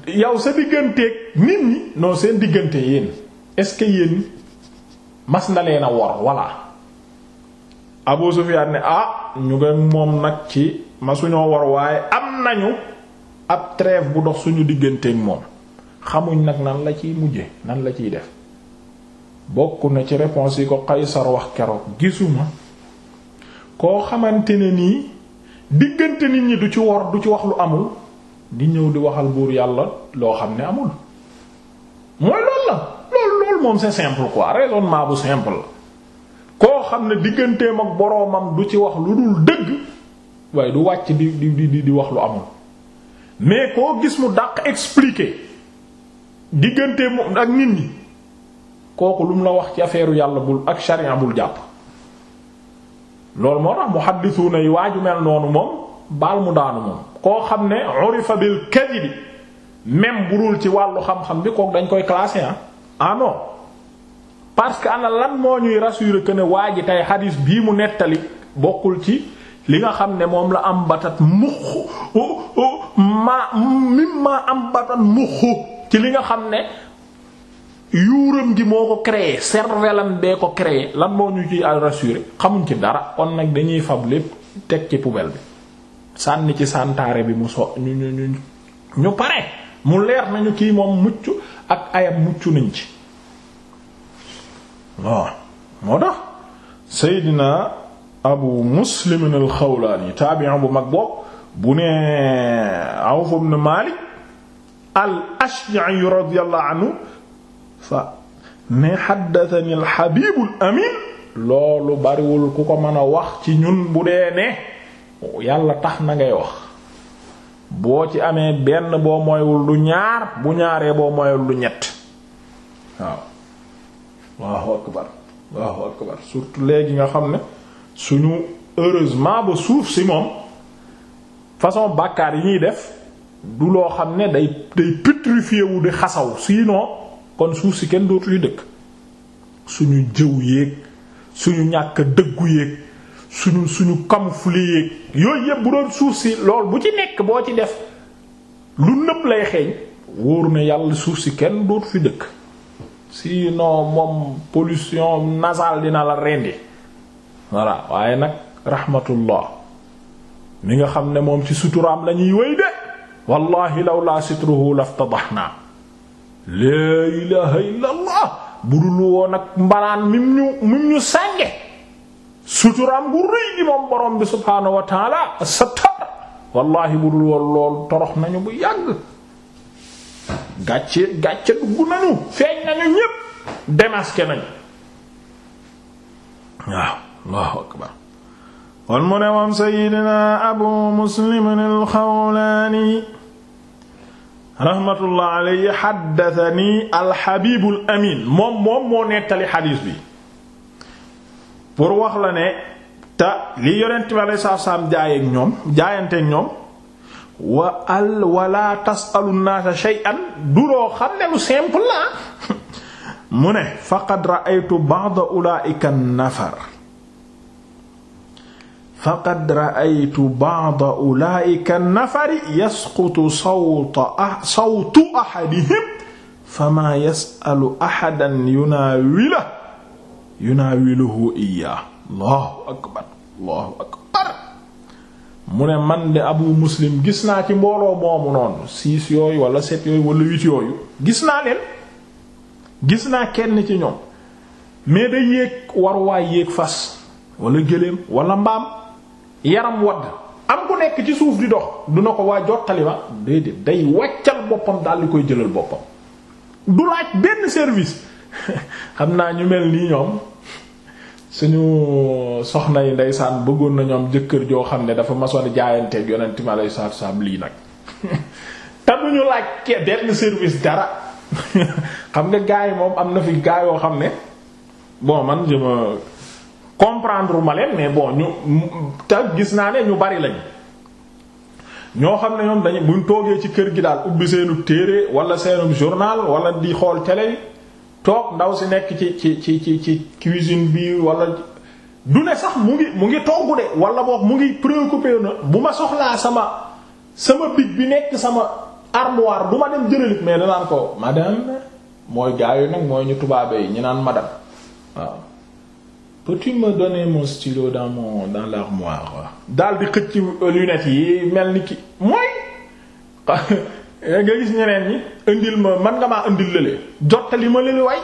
yow sa digganteeg nit ñi non seen diggante yéen est-ce que yéen mas na leen a wor voilà Abu Sufyan ne ah ñu nga moom nag ci ma suñoo war waaye am nañu ab treve bu dox suñu digganteeg moom xamuñ nag nan la ciy mujje nan la ciy def bokk na ci réponse yi ko Qaysar wax keroog gisuma koo xamante ne nii diggante nit ñi du ci wor du ci wax lu amul di ñëw di waxal buur yàlla loo xam ne amul mooy loolu la loolu loolu moom c'est simple quoi raisonnement bu simple la koo xam ne digganteem ak boroomam du ci wax lu dul dëgg waaye du wàcc di di di di wax lu amul mais koo gis mu dàq expliquer diggante moom ak nit ñi kooku lu mu la wax ci affaire yàlla bul ak sharia bul jàpp loolu moo tax muhaddisuuna yi waaju mel noonu moom baal mu daanu moom koo xam ne urifa bil kadibi même bu dul ci wàllu xam-xam bi kooku dañ koy classer ah ah non que ana lan moo ñuy rassurer que ne waa ji tey xadiis bii mu nettali bokkul ci li nga xam ne moom la am batat muxu ma mimma am batat muxu ci li nga xam ne yuuram gi moo ko créé cervelam bee ko créé lan moo ñu ci rassuré xamuñ ci dara kon nag dañuy fab lépp teg ci poubelle bi sànni ci santaare bi mu so ñu ñu ñu ñu pare mu leer nañu kii moom mucc ak ayam mucc nañ ci waaw moo tax Seydina abu muslim al-Xawlaani taabi'un bu mag boobu bu ne Awf ibn Maalik al-Ashja'i radiyallahu anhu fa ne haddathani al-Habiib amiin loolu bariwul ku ko mën a wax ci ñun bu dee ne yàlla tax na ngay wax boo ci amee benn boo moywul du ñaar bu ñaaree boo moywul du ñett waaw Allahu akbar Allahu akbar surtout léegi nga xam ne suñu heureusement ba suuf si moom façon bàkkaar yi ñuy def du loo xam ne day day pétrifié wu di xasaw sinon kon suuf si kenn dootuñu dëkk suñu jëw yéeg suñu ñàkk dëggu yéeg suñu suñu camoufle yéeg yooyu yëpp bu doon suuf si lool bu ci nekk boo ci def lu nëpp lay xeeñ wóoru ne yàlla suuf si kenn dootu fi dëkk sinon moom pollution nasale dina la rendi voilà waaye nag rahmatullah mi nga xam ne moom ci suturaam lañuy wéy de wallahi lawlaa sitruhu laftadahna laa ilaha illa allah bu dul woon ak mbalaan mim ñu mim ñu sànge suturaam bu rëy gi moom borom bi subhaanahu wa taala sattar wallahi bu dul woon lool torox nañu bu yàgg gàcce gàcce dugg nañu feeñ nañu ñépp démasqué nañu waaw allahu akbar kon mu ne moom seydina abu muslim alxawlaani raxmatullah alayhi xaddatani alxabibul amin moom moom moo nettali xadiis bi pour wax la ne te li yonent bi aleyhi salaatu salaam jaayeek ñoom jaayanteek ñoom wa al wala tasalu naasa shay'an du loo xam ne lu simple la mu ne faqad ra'aytu ba'da ulaa'ika nafar faqad ra'aytu ba'da ulaa'ika nafari yasqutu sawta ah, sawtu ahadihim famaa yas'alu ahadan yunaawilahu yunaawiluhu iyyaah allahu akbar allahu akbar mu ne man de abu muslim gis naa ci mbooloo moomu noonu six yooyu wala sept yooyu wala huit yooyu gis naa leen gis naa kenn ci ñoom mais day yéeg war waay yéeg fas wala gëléem wala mbaam yaram wadd am ku nekk ci suuf di dox du na ko waa jottali ma déedéet day wàccal boppam daal di koy jëlal boppam du laaj benn service xam naa ñu mel nii ñoom suñu soxna yi ndeysaan bëggoon na ñoom jëkkër joo xam ne dafa masoon jaayanteeg yonent mi alayhi salaatu salaam lii nag te duñu laaj benn service dara xam nga gaay moom am na fi gaayoo xam ne bon man jëma comprendre ma leen mais bon ñu te gis naa ne ñu bari lañ ñoo xam ne ñoom dañu buñ toogee ci kër gi daal ubbi seenu téere wala seenu journal walla di xool télé toog ndaw si nekk ci ci ci ci ci cuisine bi walla du ne sax mu ngi mu ngi togg de wala boog mu ngi préoccupé na bu ma soxlaa sama sama big bi nekk sama armoire du ma dem jëralit mais danaan ko madame mooy gaayu nag mooy ñu tubaabe yi ñu naan madame waaw peux-tu me donner mon stylo dans mon dans l'armoire daal di xëcc lunettes yii mel ni ki mooy nga gis ñeneen ñi indil ma man nga maa indil lële jottali ma lële way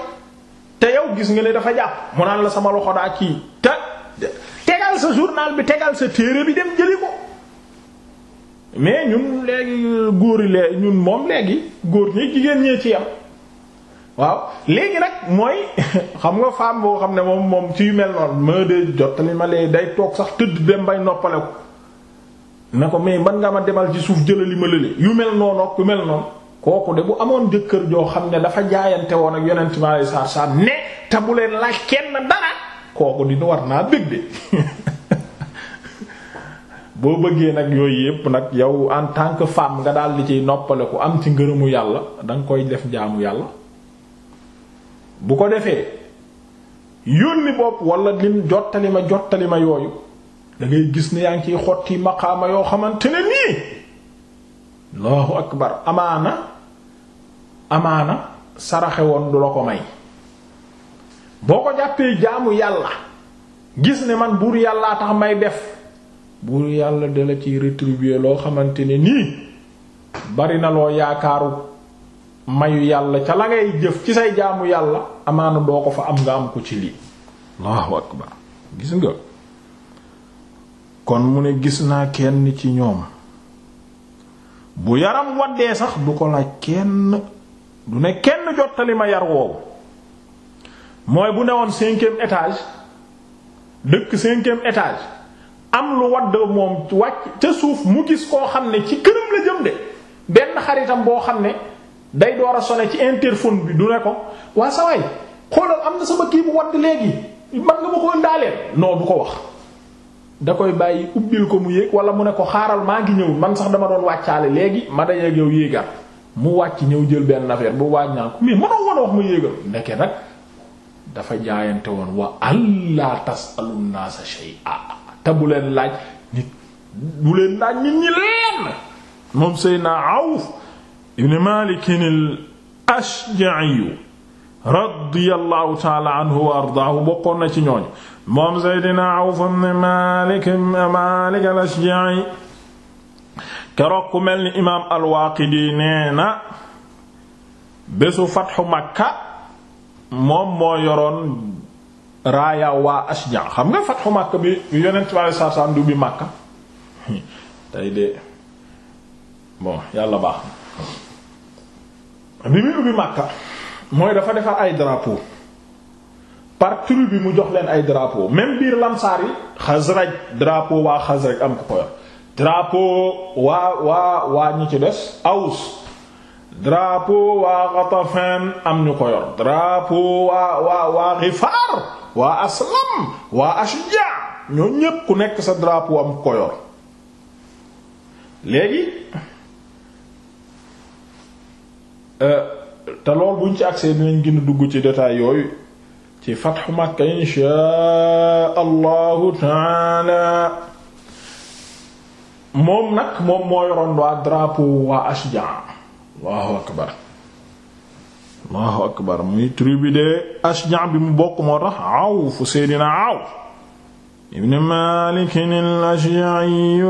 te yow gis nga ne dafa jàpp mu naan la sama loxo daa kii te tegal sa journal bi tegal sa téere bi dem jëli ko mais ñun léegi góor yi ñun moom léegi góor ñi jigéen ñee ci yam waaw léegi nag mooy xam nga femme boo xam ne moom moom ci yu mel noon ma de jottali ma lee day toog sax tëdd dem bay noppaleku ne ko mais man nga ma demal ci suuf jëlali ma lële yu mel noonu ak yu mel noonu kooku de bu amoon jëkkër joo xam ne dafa jaayante woon ak yonent mi alayhi salaatu salaam ne te leen laaj kenn dara kooku dina war naa bëgg de boo bëggee nag yooyu yépp nag yow en tant que femme nga daal di ciy noppaleku am ci ngërëmu yàlla danga koy def jaamu yàlla bu ko defee yónni bopp wala lim jottali ma jottali ma yooyu da gis ne yaa ngi ciy xotti maqaama yoo xamante ne nii allahu akbar amaana amaana saraxe woon du la ko may boo ko jàppee jaamu yàlla gis ne man buur yàllaa tax may def buur yàlla da la ciy rétribuer loo xamante ne nii bari na loo yaakaaru mayu yàlla ca la ngay jëf ci say jaamu yàlla amaana doo ko fa am nga ko ci lii allahu kon mu ne gis naa kenn ci ñoom bu yaram waddee sax du ko laaj kenn du ne kenn jottali ma yar woowu mooy bu newoon cinquième étage dëkk cinquième étage am lu wadd moom wàcc ca suuf mu gis koo xam ne ci këram la jëm de benn xaritam boo xam ne day door a sone ci interphone bi du ne ko waa sa waay xoolal am na sama kii bu wadd léegi man nga ma ko ndaaleel non du ko wax da koy bàyyi ubbil ko mu yéeg wala mu ne ko xaaral maa ngi ñëw man sax dama doon wàccaale léegi ma dajeeg yow yéegal mu wàcc ñëw jël benn affaire bu waaj naa ko mais wax ma yéegal ndeke nag dafa jaayante woon wa allah tasalu naasa shay'a te bu leen laaj nit bu leen laaj nit ñi leen moom sëy naa awuf ibn Maalik al-Ashja'i radiyallahu anhu wa ardaahu bokkoon na ci ñooñ moom Seydina Awf ibn Maalik Maalik al-Ashja'i mel ni imaam al-Waaqidi nee fatxu Makka moom moo yoroon raaya waa Ashja' xam nga fatxu Makka bi Yonent bi Makka tey de bon baax bi muy ubbi Makka mooy dafa defar ay drapeau par bi mu jox leen ay drapeau même biir lamsaar yi Xasraj drapeau waa Xasraj am ko ko yor waa waa waa ñi ci des Aws drapeau waa Ghatafan am ñu ko yor drapeau waa waa waa Ghifar waa Aslam waa Ashja ñoo ñépp ku nekk sa drapeau am ko yor léegi Euh, te lool buñ ci agsee dinañ gën a dugg ci détail yooyu ci fatxu Makka inshaa allahu taala moom nag moom moo yoroon waa drapeau waa Ashja akbar allahu akbar muy tribu de Ashja bi mu bokk moo tax Awf Awf ibn Maalik al-Ashja'i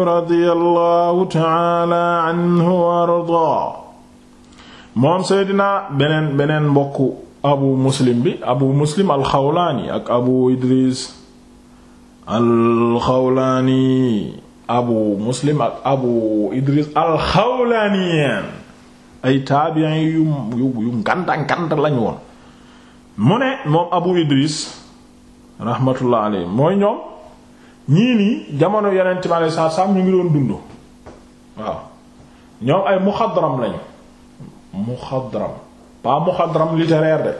taala anhu wa moom seydina beneen beneen mbokku abu muslim bi abu muslim alxawlaani ak abu idris alxawlaani abu muslim ak abu idris alxawlaaniyeen ay taabiyen yu yu nganda nganda lañu woon mu ne moom abu idris rahmatullah alayhi mooy ñoom ñii nii jamono yeneen ci ale saa saa ñu ngi doon dund waaw ñoom ay muxadram lañu muxadram pas muxadram littéraire de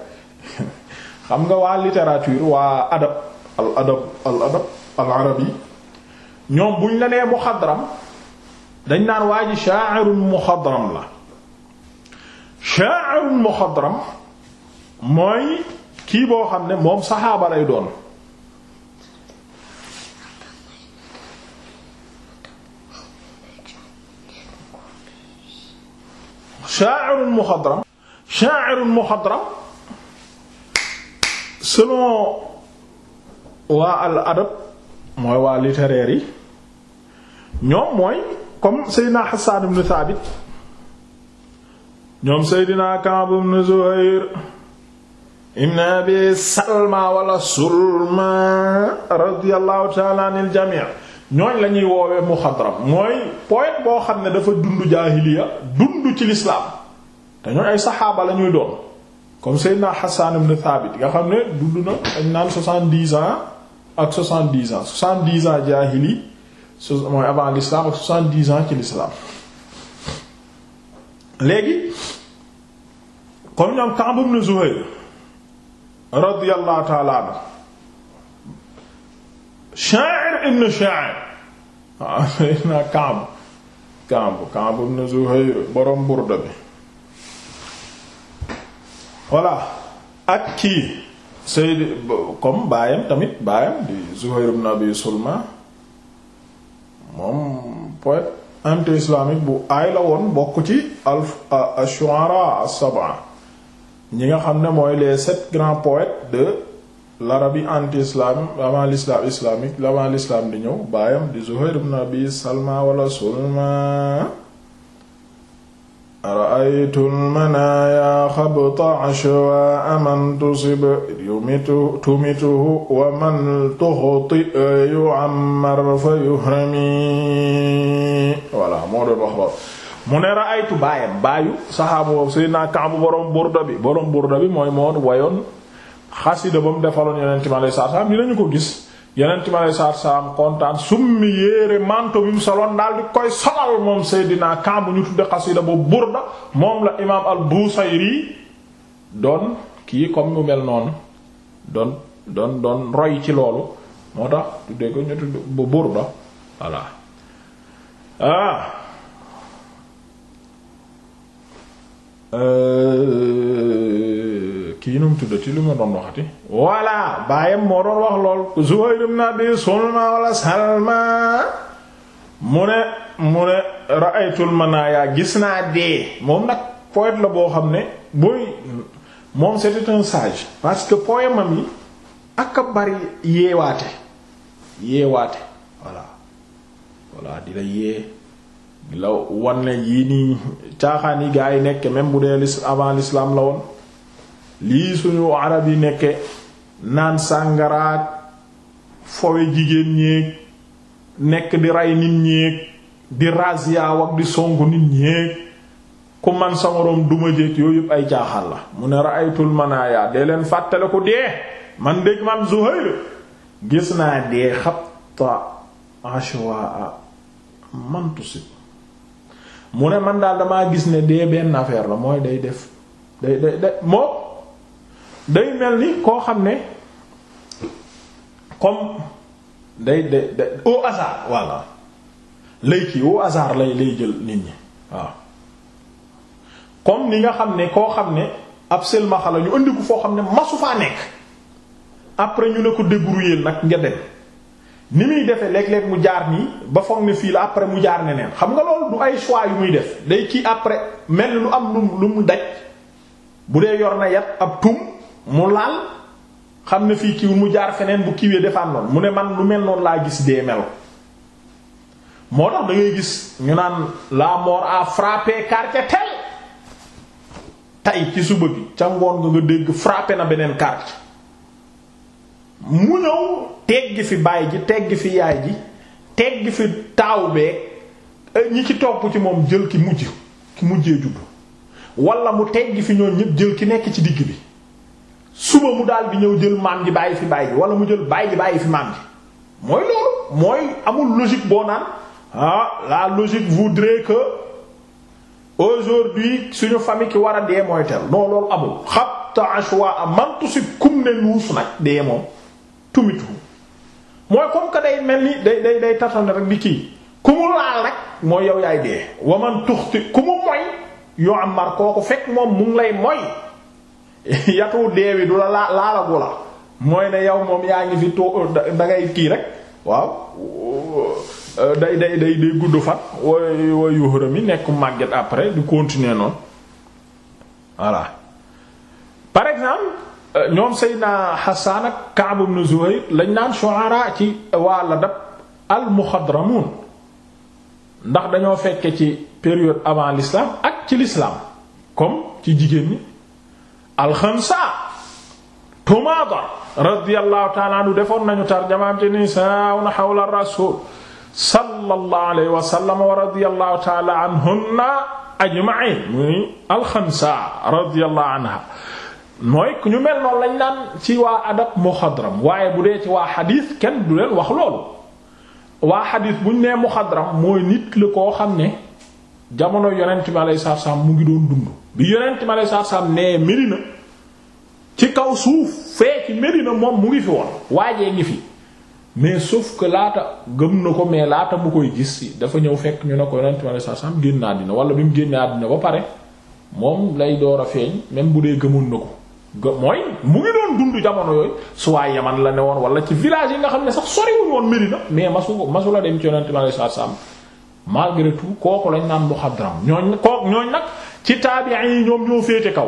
xam nga waa littérature waa adab al adab al adab al arabi ñoom buñ la nee muxadram dañ naan waa ji sha'irun muxadram la sha'irun muxadram mooy kii boo xam ne moom saxaaba lay doon sha'irun muxadram sha'irun muxadram selon waa al adab mooy waa littéraire yi ñoom mooy comme Seydina Hassan ibn Thabit ñoom Seydina Ka'b ibn Zuhair ibn Abi Salma wala Sulma radiyallahu ta'ala anil jami' ñooñ la ñuy woowee muxadram mooy poète boo xam ne dafa dund jaahiliya dund ci lislaam te ñooñ ay saxaaba la ñuy doon comme Seydina Hassan ibn Thabit nga xam ne dund na dañ naan soixante-dix ans ak soixante-dix ans soixante-dix ans jaahili mooy avant l'islam ak soixante-dix ans ci l'islam léegi comme ñoom Ka'b ibn Zuhayr radiyallahu ta'ala anhu Sha'ir ibn Sha'ir waaw ah, naa Kaab Kaab Kaab ibn Zuhayr borom Burda bi voilà ak kii Sayyid comme baayam tamit baayam di Zuhayr ibn Abi Sulma moom poète anti-islamique bu aay la woon bokk ci al ash-shu'ara ñi nga xam ne mooy les sept grands poètes de l'arabie anti-islam avant l'islam islamique l'avant l'islam di ñëw baayam di Zuhayr ibn Abi Salma wala Sulma ra'aytul manaya xabta ashwa aman tusib yumitu tumituhu wa man tuxti yu'ammar fa yuhrami voilà moo doon wax lool mu ne ra'aytu baayam baayu saxaabu Seydina Ka'b borom burda bi borom burda bi mooy moon wayoon xasida ba mu defaloon yonent mi alayhi salaam dinañu ko gis yonent mi alayhi salaam kontaan summi yéere manto bi mu soloon daal di koy solal moom Seydina Kaab bu ñu tudde xasida bu burda moom la imaam al-Busayri doon kii ko mu mel noonu doon doon doon roy ci loolu moo tax tudde ko ñu tudde bu burda voilà ah. euh, kii nu mu tuddati lu ma doon waxati voilà baayam moo doon wax lool Zuhayr ibn Abi Sulma wala Salma mu ne mu ne ra'aytul manaaya gis naa dee moom nag poète la boo xam ne booy moom c'était un sage parce que poème am yi ak a bari yeewaate yeewaate voilà voilà di la yee la wan ne yii nii caaxaan yi gaa yi nekk même bu dee avant l'islam la woon lii suñu arab yi nekke naan sàngaraak fowe jigéen ñéeg nekk di ray nit ñéeg di razia ak di songu nit ñéeg ku man sa moroom duma jéeg yooyu yëpp ay jaaxal la mu ne ra'aytul manaya dee leen fàttale ku dee man dégg man Zuhayr gis naa dee xatta ashwaa mantusib mu ne man daal damaa gis ne dee benn affaire la mooy day def day day day moo day mel ni koo xam ne comme day day day au hasard voilà lay kii au hasard lay lay jël nit ñi waaw comme ni nga xam ne koo xam ne ab silmaxa la ñu indi foo xam ne masu faa nekk après ñu ne ko débrouiller nag nga dem ni muy defee léeg-léeg mu jaar nii ba foog ne fii la après mu jaar neneen xam nga loolu du ay choix yu muy def day kii après mel lu am lu mu daj bu dee yor na yat ab tum mu laal xam ne fii kiiwul mu jaar feneen bu kiiwee defaan mu ne man lu mel noonu laa gis dee melo moo tax da gis ñu naan la mort a frappé quartier tel tey ci suba bi ca ngoon nga nga dégg frappé na beneen quartier mu ñëw teggi fi baay ji teggi fi yaay ji teggi fi taaw beeg ñi ci topp ci moom jël ki mujj ki mujjee juddu wala mu teggi fi ñoom ñépp jël ki nekk ci digg bi suba mu daal bi ñëw jël maam ji bàyyi fi bàyyi ji wala mu jël bàyyi ji bàyyi fi maam ji mooy loolu mooy amul logique boo naan ah la logique voudrait que aujourd'hui suñu famille ki war a dee mooy tel non loolu amul xabta ashwa a mantu si kum ne luus nag dee moom tumitu mooy comme que day mel ni day day day tatal rek di kii ku mu laal rek mooy yow yaay dee waman tuxti ku mu moy yoo am mar kooku fekk moom mu lay moy yatu deewi du la laalagu la mooy ne yow moom yaa ngi fi too euh, da kii rek waaw euh, day day day day gudd fan way way yuxëram yi nekk màgget après du continuer noonu voilà par exemple euh, ñoom Seydina Hassan ak Ka'b ibn Zuhayr lañ naan shu'ara ci waa Ladab al-muxadramun ndax dañoo fekke ci période avant l'islam ak ci l'islam comme ci jigéen ñi alxamsa tumaadar radiyallahu ta'ala anhu defoon nañu tarjamaam ci nisaa'un hawla rasul sallallahu alayhi wa sallam wa radiyallahu ta'ala anhunna ajma'in muy ñu mel noonu lañ adab muxadram waaye bu dee ci waa xadiis kenn du wax loolu waa xadiis buñ nee muxadram mooy nit la koo ne jamono yonent bi alayhi salaatu salaam mu ngi doon dund bi yonent bi alayhi salaatu salaam nee Medina ci kaw suuf fee ci Medina moom mu ngi fi woon waajee ngi fi mais sauf ko laata gëm na ko mais laata mu koy gis dafa ñëw fekk ñu ne ko yonent bi alayhi salaatu génn àddina wala bi mu génnee àddina ba pare moom lay door a feeñ même bu dee gëmoon na ko mooy mu ngi doon dund jamono yooyu soit Yaman la ne woon wala ci village yi nga xam ne sax soriwuñ woon Medina mais masu masu la dem ci yonent bi alayhi salaatu malgré tout kooku lañ naan muxadram ñooñ kooku ñooñ nag ci taabi'in yi ñoom ñoo féete kaw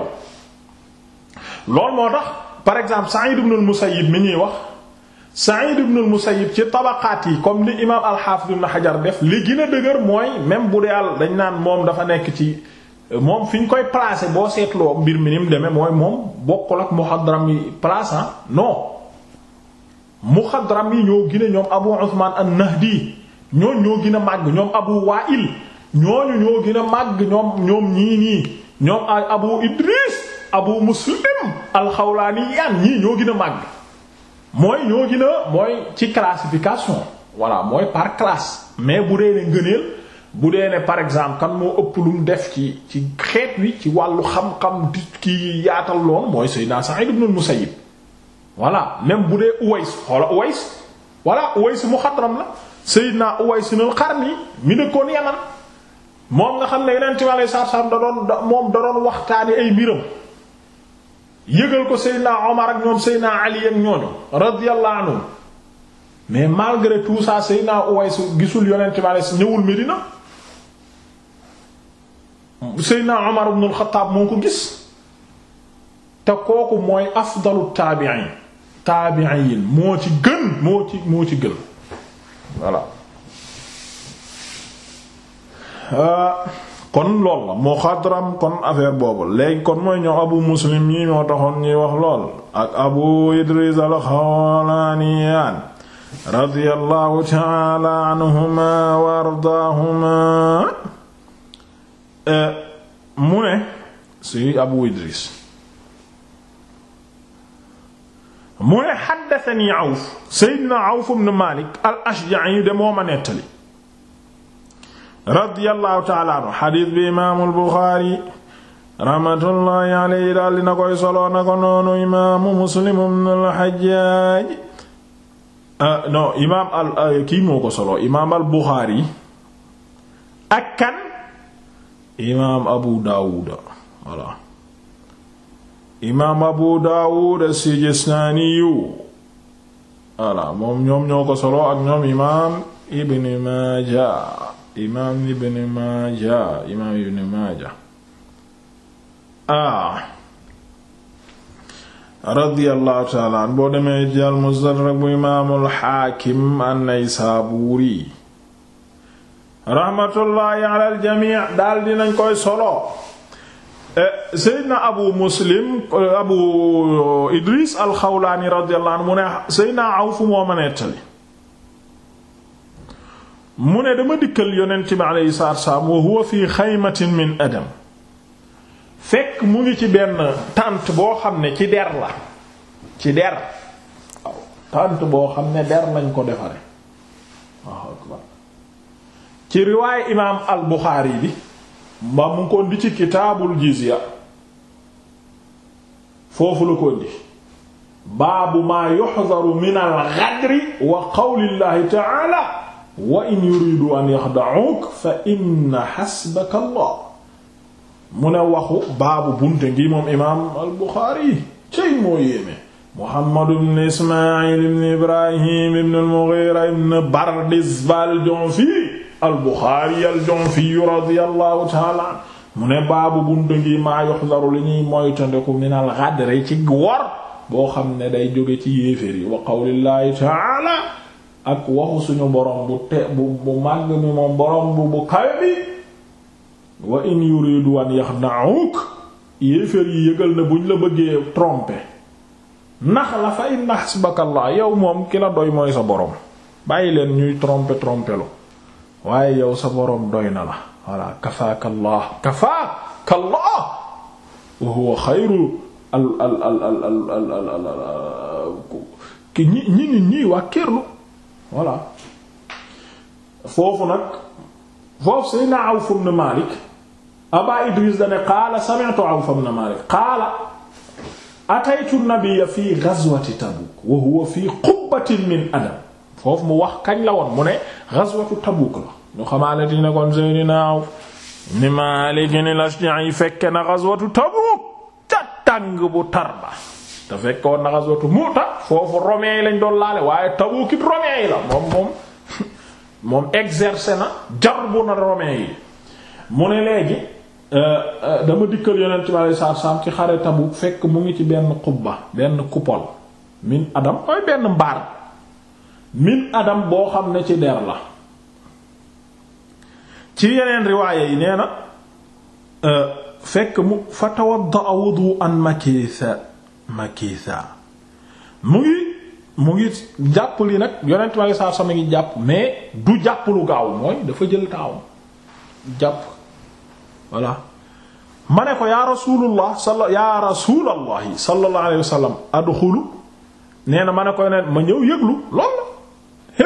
loolu moo tax par exemple Sa'id ibn al-Musayyib mi ñuy wax Sa'id ibn al-Musayyib ci tabaxaat yi comme li imaam al-Hafiz ibn def li gën dëgër mooy même bu dee al dañ naan moom dafa nekk ci moom fi ñu koy placé boo seetloo mbir mi ni mu mooy moom bokkul ak muxadram yi place ah non muxadram yi ñoo gën ñoom Abu Uthman an-Nahdi ñooñ ñoo gën a màgg ñoom abu wa'il ñooñu ñoo gën a màgg ñoom ñoom ñii nii ñoom abu idris abu muslim alxawlaani ñii ñoo gën a màgg mooy ñoo gën mooy ci classification voilà mooy par classe mais bu dee ne ngëneel bu dee ne par exemple kan moo ëpp lu def ci ci xeet wi ci wàllu xam-xam di ki yaatal loon mooy Seydina Sa'id ibn al-Musayyib voilà même bu dee Uways xoola Uways voilà Uways mu xatram la Seydina Uways ibn yi mu dëkkoon Yaman moom nga xam ne Yonent bi alayhi salaatu salaam da doon moom da doon waxtaani ay mbiram yëgal ko Seydina Omar ak ñoom Seydina Ali ak ñooñu radiyallahu anhu mais malgré tout gisul Yonent bi alayhi ñëwul Medina Seydina Omar ibn ko gis kooku mooy afdalu taabi'iin gën moo ci moo ci gën voilà euh, kon lool la muxadram kon affaire boobu léegi kon mooy ñoom abu muslim ñi ñoo taxoon ñuy wax lool ak abu idris alxawlaaniyaan radiyallahu taala anhuma wa ardaahuma euh, mu ne si abu idris mu ne xaddatani awf seydina awf malik al ashja'i de moo ma nettali radiyallahu taala anhu xadiis bi imaamu albuxaari raxmatullaahi alayhi daal dina koy soloo na ko noonu muslim ibn ah, al xajjaaj ah, non al kii moo ko al buxaari ak kan abu daawuda imaam abu daawud as-sijistaaniyu voilà moom ñoom ñoo ko solo ak ñoom imaam ibn maaja imaam ibn maaja imaam ibn maaja ah radiyallahu taala an boo demee ci al-mustadrak bu imaamul xaakim an-naysaabuuri raxmatullaahi ala al-jamii daal dinañ koy solo Eh, Seydina Abu Muslim eh, Abu Idris al-Xawlaani radiyallahu anhu mu ne Seydina Awf moo ma nettali mu ne dama dikkal yonent bi alayhi salaatu wassalaam wa huwa fi xaymatin min adam fekk mu ngi ci benn tànt boo xam ne ci der la ci der tànt boo xam ne der lañ ko defare ci riwaay imaam al-Buxaari bi ma mu ko ndi ci kitaabul jizya foofu la ko ndi baabu maa yuxdaru min al xadri wa qawlillahi taala wa in yuridu an yaxda'uuk fa inna xasbaka allah mu ne waxu baabu bunte ngi moom imaam al buxaari cey moo yéeme muhammadu ibn ismaayil ibn ibrahim ibn al mughira ibn bardisbal jonfi al-Buxaari al-Ju'fi radiyallahu ta'ala mu ne baabu bunt ngi maa yuhzaru li ñuy moytandiku min al-ghadri ci wor boo xam ne day jóge ci yéeféer yi wa qawlillahi ta'ala ak waxu suñu borom bu te bu bu màgg mi moom borom bu bu bi wa in yuridu an yakhda'uk yéeféer yi yëgal na buñ la bëggee tromper nax la fa inna yow moom ki la doy mooy sa borom bàyyi leen ñuy tromper tromper waaye yow sa boroom doy na la walla kafaaka allah kafaaka allah wa huwa xayru al al al al al al ki ñi ñi nit ñi waa kerlu voilà foofu nag foofu sayna Awf ibn Malik Aba Idris dane qaala sami'tu Awf ibn Malik qaala ataytu an-nabiyya fi ghazwati Tabuk wa huwa fi qubbatin min adam foofu mu wax kañ la woon mu ne ghazwatu Tabuk la ñu xamaale ti ne kon Seydina ni Maalik ni Lasja'i fekke na ghazwatu Tabuk ca tàng bu tar ba te fekkoon na ghazwatu Mu'ta foofu romain yi lañ doon laale waaye Tabuk it romain yi la moom moom moom na jarbu na romain yi mu ne léegi euh, euh, dama dikkal yonent bi alayhi salaatu salaam ci xare Tabuk fekk mu ngi ci benn xubba benn coupole min adam mooy benn mbaar min adam boo xam ne ci der la ci yeneen riwaaye yi nee na euh, fekk mu fa tawadda a wudu an makiisa makiisa mu ngi mu ngi jàpp li nag yonent ma ngi saa sama ngi jàpp mais du jàpp lu gaaw mooy dafa jël taawam jàpp voilà ma ne ko yaa rasuulullah sala yaa rasuulallahi sallallahu alayhi wa sallam nee na ma ne ko neen ma ñëw yëglu lool hé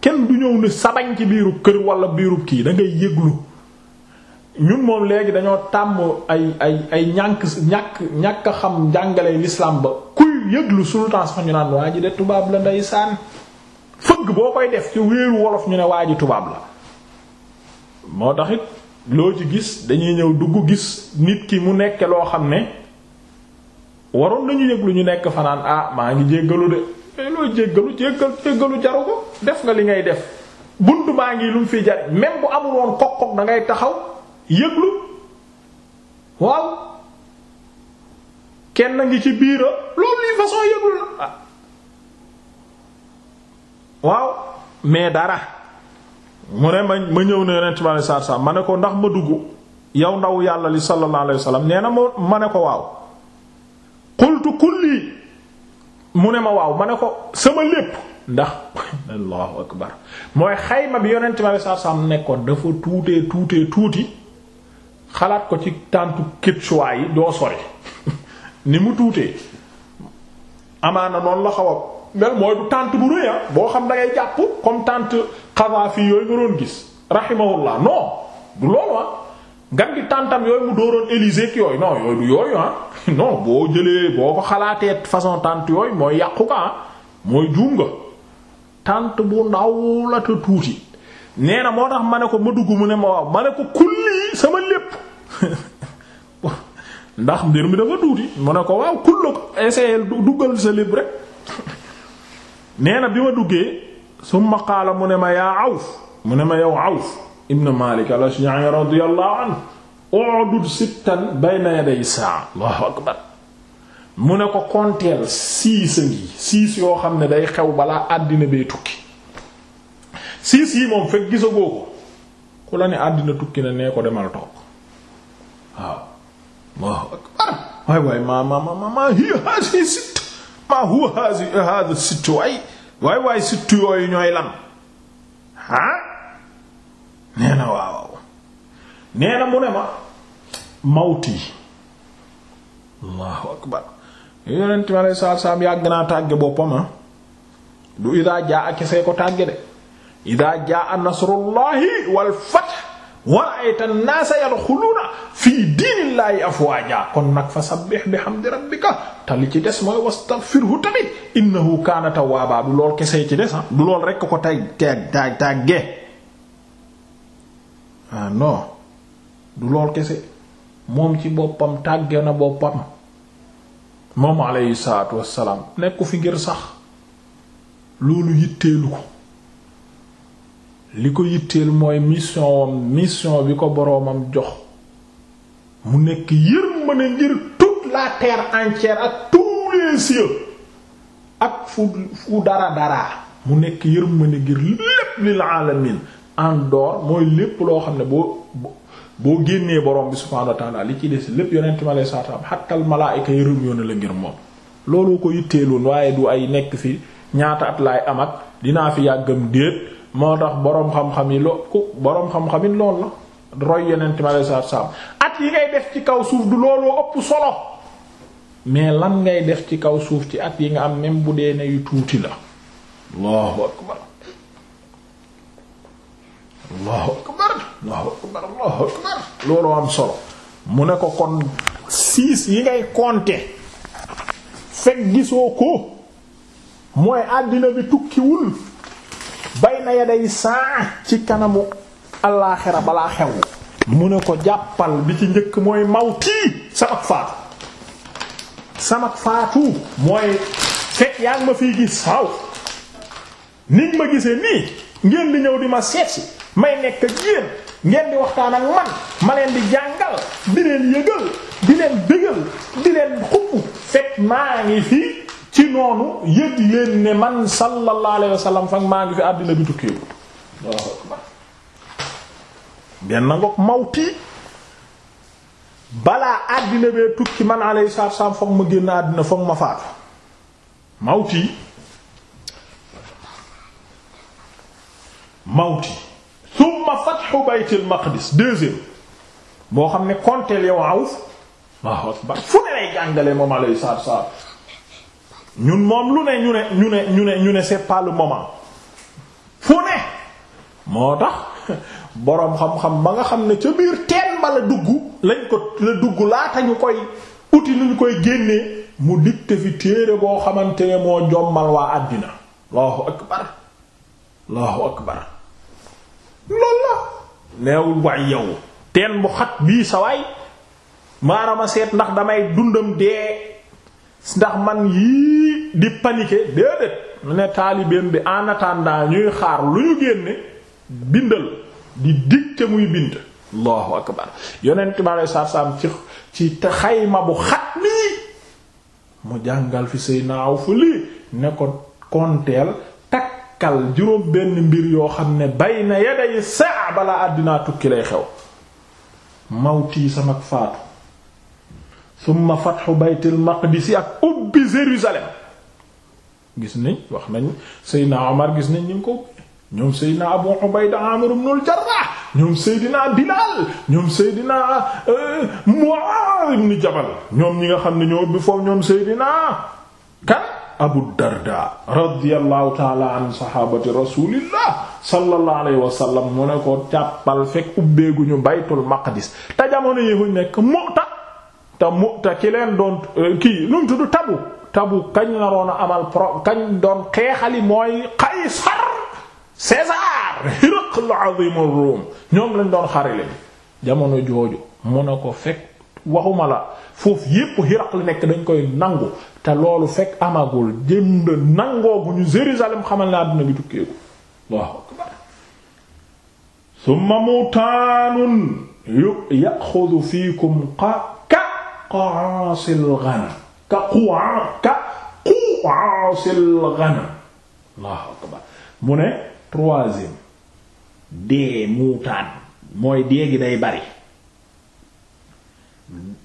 kenn du ñëw ni sabañ ci biiru kër wala biiru kii da ngay yëglu ñun moom léegi dañoo tàmm ay ay ay ñànk ñàkk ñàkk xam jàngale l'islam ba kuy yëglu sultan sax ñu naan waa ji de tubaab la ndeysaan fëgg boo koy def ci wéeru wolof ñu ne waa ji tubaab la moo taxit loo ci gis dañuy ñëw dugg gis nit ki mu nekk loo xam ne waroon nañu yëglu ñu nekk fanaan ah maa ngi jéggalu de mais eh, looy jéggalu jéggal jéggalu jaru ko def nga li ngay def bunt baa ngi lu fi jar même bu amul woon kok da ngay taxaw yëglu waaw kenn ngi ci biira ah. waaw mais dara mu ne ma ñëw ne yonent bi ma ne ko ndax ma dugg yow ndaw yàlla li sallallahu lay wasallam nee na ma ne ko waaw qultu kulli mu ne ma waaw ma ne ko sama lépp ndax allahu akbar mooy xayma bi yonent ma saa saa mu nekkoon dafa tuutee tuute tuuti xalaat ko ci tàntu Quechua yi doo sori ni mu tuutee amaana noonu la xaw mooy du tànt bu rëy ah, boo xam da ngay jàpp comme tànt Kadhafi yooyu nga doon gis rahimahullah non du loolu ah ngan di tàntam yooyu mu dóoroon Élysée ak yooyu non yooyu du ah. non boo jëlee boo ko xalaatee façon tànt yooyu mooy yàqu ka mooy juum nga tànt bu ndaw la tuuti nee na moo tax ma ne ko ma dugg mu ne ma waaw ma ne sama lépp ndax mbir mi tuuti mu ne ko waaw kullu ko essayé sa lépp rek bi ma duggee summa qaala mu ne ma yaa awf mu ne ma yow awf ibn malik al ashja'i radiyallahu anhu udud sittan bayna yaday saa Allahu akbar mu ne ko konteel siis a siis yoo xam ne day xew balaa àddina bee tukki siis yi moom fekk gisagoo ko ku la ne àddina tukki na nee ko demal toog waaw Allahu akbar waay waay maa maa maa maa maa huwa haasi eh, haasi sitt waay waay waay sitt yooyu ñooy lan ah nee na waaw nee na mu ne ma mawti allahu akbar yonent mi alei saatu salaam yàgg naa tàgge boppam ah du idaa jaa a kesee ko tàgge de idaa jaa a nasrullahi wal fath wa ra'ayta an-naasa yadxuluuna fii diinillaahi afwaajaa kon nag fa sabbih bihamdi rabbika te ci des mooy wastaghfirhu tamit innahu kaana tawwaaba du lool kesee ci des ah du lool rekk ko tay tag tag du lool kese moom ci boppam tàgge na boppam moom aleyhi salaatu nekku fi ngir sax loolu yitteelu ko li ko yitteel mooy mission wam mission bi ko boroomam jox mu nekk yërmande ngir toute la terre entière ak tous les ak fu fu dara dara mu nekk yërmande ngir lépp lil alamin en dehors mooy lépp loo xam ne boo boo génnee borom bi subhaanahu wa li ci des lépp yonent mi alayhi salaatu wa salaam hatta al malaa'ika yërëm yoon la ngir moom looloo ko yitteeloon waaye du ay nekk fi ñaata at laay am ak dinaa fi yàggam déet moo tax boroom xam-xam yi loo ku boroom xam-xam yi lool la roy yonent mi alayhi salaatu wa salaam at yi ngay def ci kaw suuf du looloo ëpp solo mais lan ngay def ci kaw suuf ci at yi nga am même bu dee ne yu tuuti la allahu akbar allahu looloo am solo mu ne ko kon siis yi ngay compter fekk gisoo ko mooy àddina bi tukkiwul bay na ya day saa ci kanamu allaaxira balaa xew mu ne ko jàppal bi ci njëkk mooy mawtii samak faatu samak faatu mooy fekk yaa ngi ma fiy gis waaw nit ma gisee nii ngeen li ñëw di ma seetsi may nekk ak yéen ngeen di waxtaan ak man ma leen di jàngal di leen yëgal di leen bégal di leen xupp fekk maa ngi fi ci noonu yëg leen ne man sallallahu alayhi wa sallam maa ngi fi àddina bi tukkiwu benn ngoog mawti balaa àddina bee tukki man alayhi salaam foog ma génn àddina foog ma faatu mawti mawti summa fathu baytil maqdis deuxième boo xam ne konteel yow awuf waaw akbar fu ne lay jàngale moom alay saab saab ñun moom lu ne ñu ne ñu ne ñu ne ñu ne c'est pas le moment fu ne moo tax boroom xam-xam ba nga xam ne ca biir teen ba la dugg lañ ko la dugg laata ñu koy uti luñ koy génnee mu dicté fi téere boo xamante ne moo jommal waa àddina allahu akbar allahu akbar loolu la neewul waay yow teen bu xat bii sawaay maarama seet ndax damay dundam dee ndax man yii di paniquer déedéet ne taalibeem bi en attendant ñuy xaar lu ñu génne bindal di dicter muy bind allahu akbar yonent bi aleyhi salaatu ci xayma bu xat nii mu jàngal fi say naaw fu lii ne ko konteel gàkkal juróom benn mbir yoo xam ne bay na yaday saa balaa àddinaa tukki lay xew mawtii sama faatu summa fatxu baytil maqdisi ak ubbi Jérusalem gis nañ wax nañ Seydina Omar gis nañ ñu ko ubbi ñoom Seydina Abu Ubayda Amir ibnul Jarrah ñoom Seydina Bilal ñoom Seydina euh, Mu'adh ibn Jabal ñoom ñi nga xam ne ñoo ubbi foofu ñoom Seydina kan Abu Darda radiyallahu taala an sahabati rasulillah sallallahu alayhi wa sallam mu ne ko càppal fekk ubbeeguñu baytul maqdis te jamono yi fuñ nekk Mu'ta te Mu'ta ki leen doon euh, kii nu mu tudd tabu tabu kañ naroon a amal pro kañ doon xeexali mooy Qaysar César Hiraql azimur Rum ñoom lañ doon xarale jamono jooju mu ne ko fekk waxuma la foofu yépp Hiraql nekk dañ koy nangu te loolu fekk amagul jënd nangoo bu ñu Jérusalem xamal na àdduna bi tukkeeku waaw summa mutaanun yaxudu mu ne troisième dee muutaan mooy dee gi day bari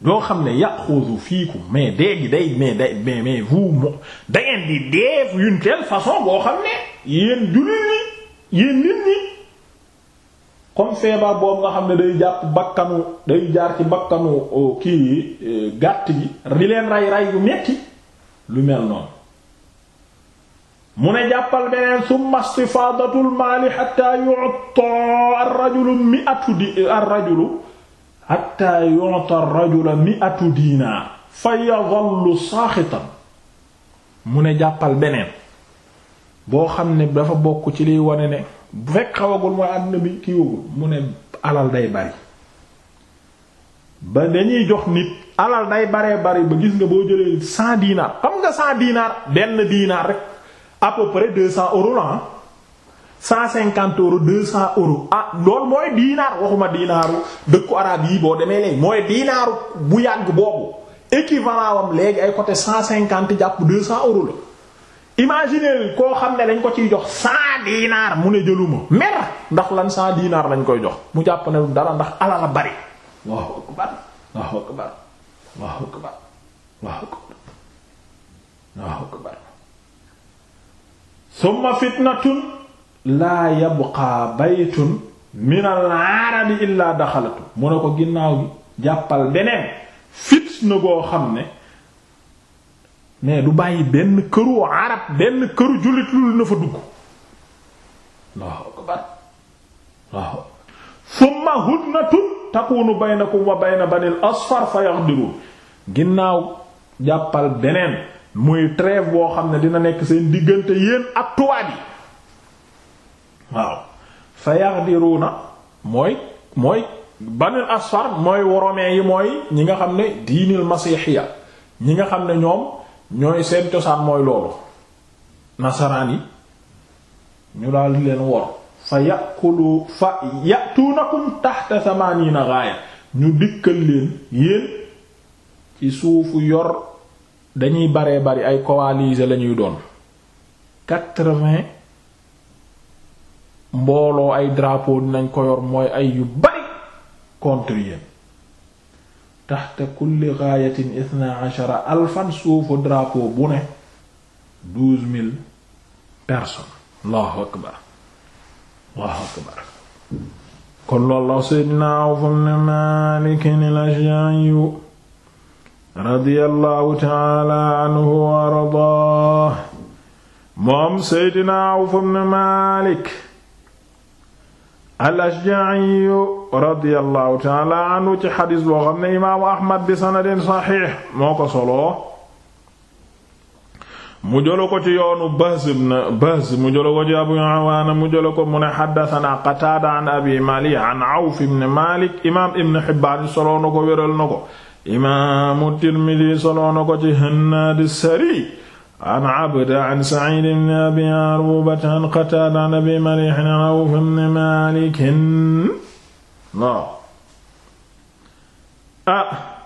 loo xam ne yaxudu fii mais déegi day mais day mais mais vous moom da ngeen di def une telle façon boo xam ne yéen nit ñi comme feebar boobu nga xam ne day jàpp bakkanu day jaar ci bakkanu kii e, gàtt bi di leen ray ray yu metti lu mel noonu mu ne jàppal beneen summa istifadatul maali hatta yu'ta ar-rajulu mi'atu di ar-rajulu xatta yu'ta rajula mi'atu diinaar fa yadhallu saaxitan mu ne jàppal beneen boo xam ne dafa bokk ci liy wane ne bu fekk xawagul mooy àdduna bi kiiwagul mu ne alal day jox nit alal day baree bari ba gis nga boo jëlee cent dinaar xam nga cent dinaar benn dinaar rek à peu près deux cent cinquante euros deux cent euros ah loolu mooy diinaar waxuma diinaaru dëkku araab yi boo demee léegi mooy diinaaru bu yàgg boobu équivalent wam léegi ay côté cent cinquante jàpp deux cent euros la imaginer koo xam ne dañ ko ciy jox cent diinaar mu ne jëluma mer ndax lan cent diinaar lañ koy jox mu jàpp ne dara ndax ala bari Allahu akbar Allahu akbar laa yabqaa baytun min al arabi illaa daxalatu mu ne ko ginnaaw gi jàppal beneen fitna goo xam ne mais du bàyyi benn këru arab benn këru jullit lu na fa dugg Allahu akbar Allahu akbar summa hudnatun takunu baynakum wa bayna banil asfar fa yaghdirun ginnaaw jàppal beneen muy trêve boo xam ne dina nekk seen diggante yéen ak tubaab yi waaw fa yaxdiruuna mooy mooy banil asfar mooy woromee yi mooy ñi nga xam ne diinil masiixiya ñi nga xam ne ñoom ñooy seen cosaan mooy loolu nasaraan yi ñu daal leen wor fa yàqulu fa yatuunakum taxta samaniina gaaya ñu dikkal leen yéen ci suufu yor dañuy baree bari ay coalisés lañuy doon quatre-vingts mbooloo ay drapeau dinañ ko mooy ay yu bari contre yéen taxta kulli gaayatin ithna ashara alfan suufu drapeau bu ne douze akbar allahu akbar kon loolu la seydina Awf ibn Maalik al-Ashja'i radiyallahu ta'ala anhu wa ardaahu moom seydina Awf ibn Maalik al-Ashja'i radiyallahu ta'ala anhu ci xadis boo xam ne imaamu Ahmad bi sanadin saxiix moo ko soloo mu jëla ko ci yoonu Bahz ibn Bahz mu jëla ko ci Abu Awaana mu jëla ko mu ne xaddasanaa Qataada an Abi Mali an Awf ibn Malik imaam Ibn Hibbaan soloo na ko wéral na ko imaamu Tirmidi soloo na ko ci Hannaad as-Sari an Abda an Saciid ibn Abi Aruuba an Qataada an Abi Maliih an Awf ibn Maalik ah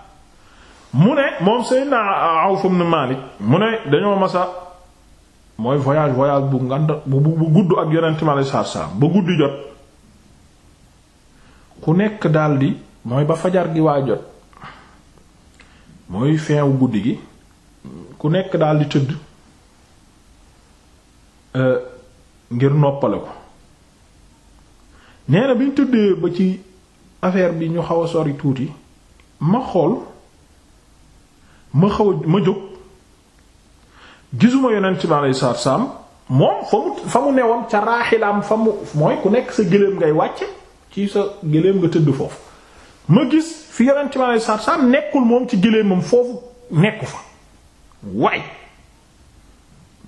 mu ne moom Seydina Awf ibn Maalik mu ne dañoo masa mooy voyage voyage bu ngand bu bu gudd ak Yonent mi alayhi salaatu ba guddi jot ku nekk daldi mooy ba fajar gi waa jot mooy feewu guddi gi ku nekk daldi tëdd Euh, ngir noppale ko nee na bi ñu tëddee ba ci affaire bi ñu xaw a sori tuuti ma xool ma xaw a ma jóg gisuma yonent bi alayhi salaatu salaam moom fa mu fa mu newoon ca raaxilaam fa mu mooy ku nekk sa gëléem ngay wàcce ci sa gëléem nga tëdd foofu ma gis fi yonent bi alayhi nekkul moom ci gëléemam foofu nekku fa waay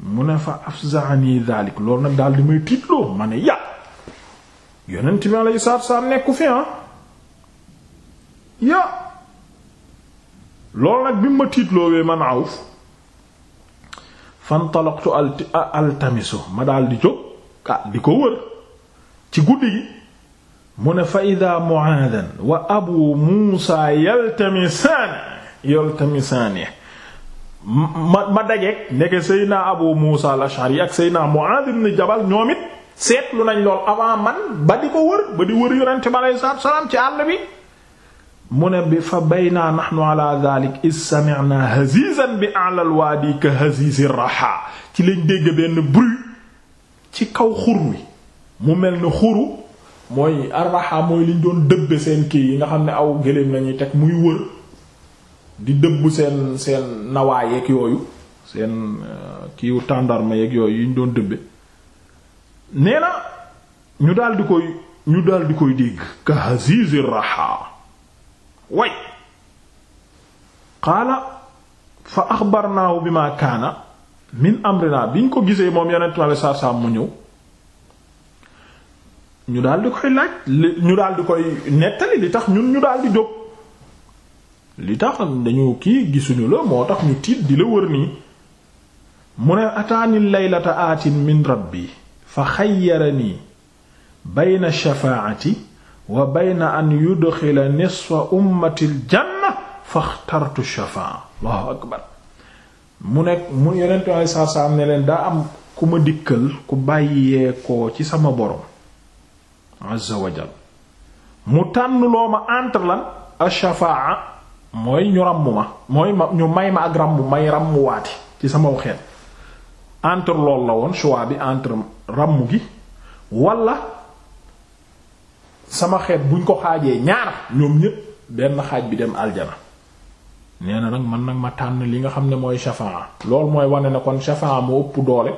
mu ne fa afzaani daalik loolu nag daal di may tiitloo ma ne ya yonent bi alayhi salaatu nekku fi ah ya loolu nag bi ma tiitloowee man awf fantalaqtu altamisu ma daal jóg ah di ko wër ci guddi gi mu ne fa ida mu'aadan wa abu muusa yaltamisaani yaltamisaani ma ma dajeek nekk Seydina Abu Muusa al-Ash'ari ak Seydina mu ibn Jabal ñoom it seetlu nañ lool avant man ba di ko wër ba di wër yonent bi aleyhi salaatu salaam ci àll bi mu ne bi fa baynaa nahnu ala dhalik is sami'na hazizan bi a'la al-wadi ka hazizi raha ci lañ dégg benn bruit ci kaw xur wi mu mel ni xuru mooy ar mooy liñ doon dëbbe seen kii yi nga xam ne aw gëléem lañuy teg muy wër di dëbb seen seen nawaa yeeg yooyu seen euh, kiiwu tàndarma yeeg yooyu yi ñu doon dëbbe nee na ñu daal koy ñu daldi koy dégg ka hazizi raha way qaala fa axbarnaahu bi ma kaana min amrina bi ñu ko gisee moom yeneen tamit saa saa mu ñëw ñu daal di koy laaj ñu daal koy nettali li tax ñun ñu daal di li tax dañu kii gisuñu la moo tax ñu tiit di la wër nii mu ne ataani laylata aatin min rabbi fa xayyarani bayna shafaa'ati wa bayna an yudxila nisfa ummati aljanna fa akbar mu nekk mu yonentu ay saa saa am ne leen daa am ku ma dikkal ku bàyyee ci sama borom azza wajal mu tànn ma entre lan ashafaa mooy ñu ràmm ma mooy ma ñu may ma ak ràmm may ràmm waati ci sama xeet entre loolu la woon choix bi entre ràmm gi wala sama xeet buñ ko xaajee ñaar ñoom ñépp benn xaaj bi dem aljana nee na nag man nag ma tànn li nga xam ne mooy shafaa loolu mooy wane ne kon shafaa moo ëpp doole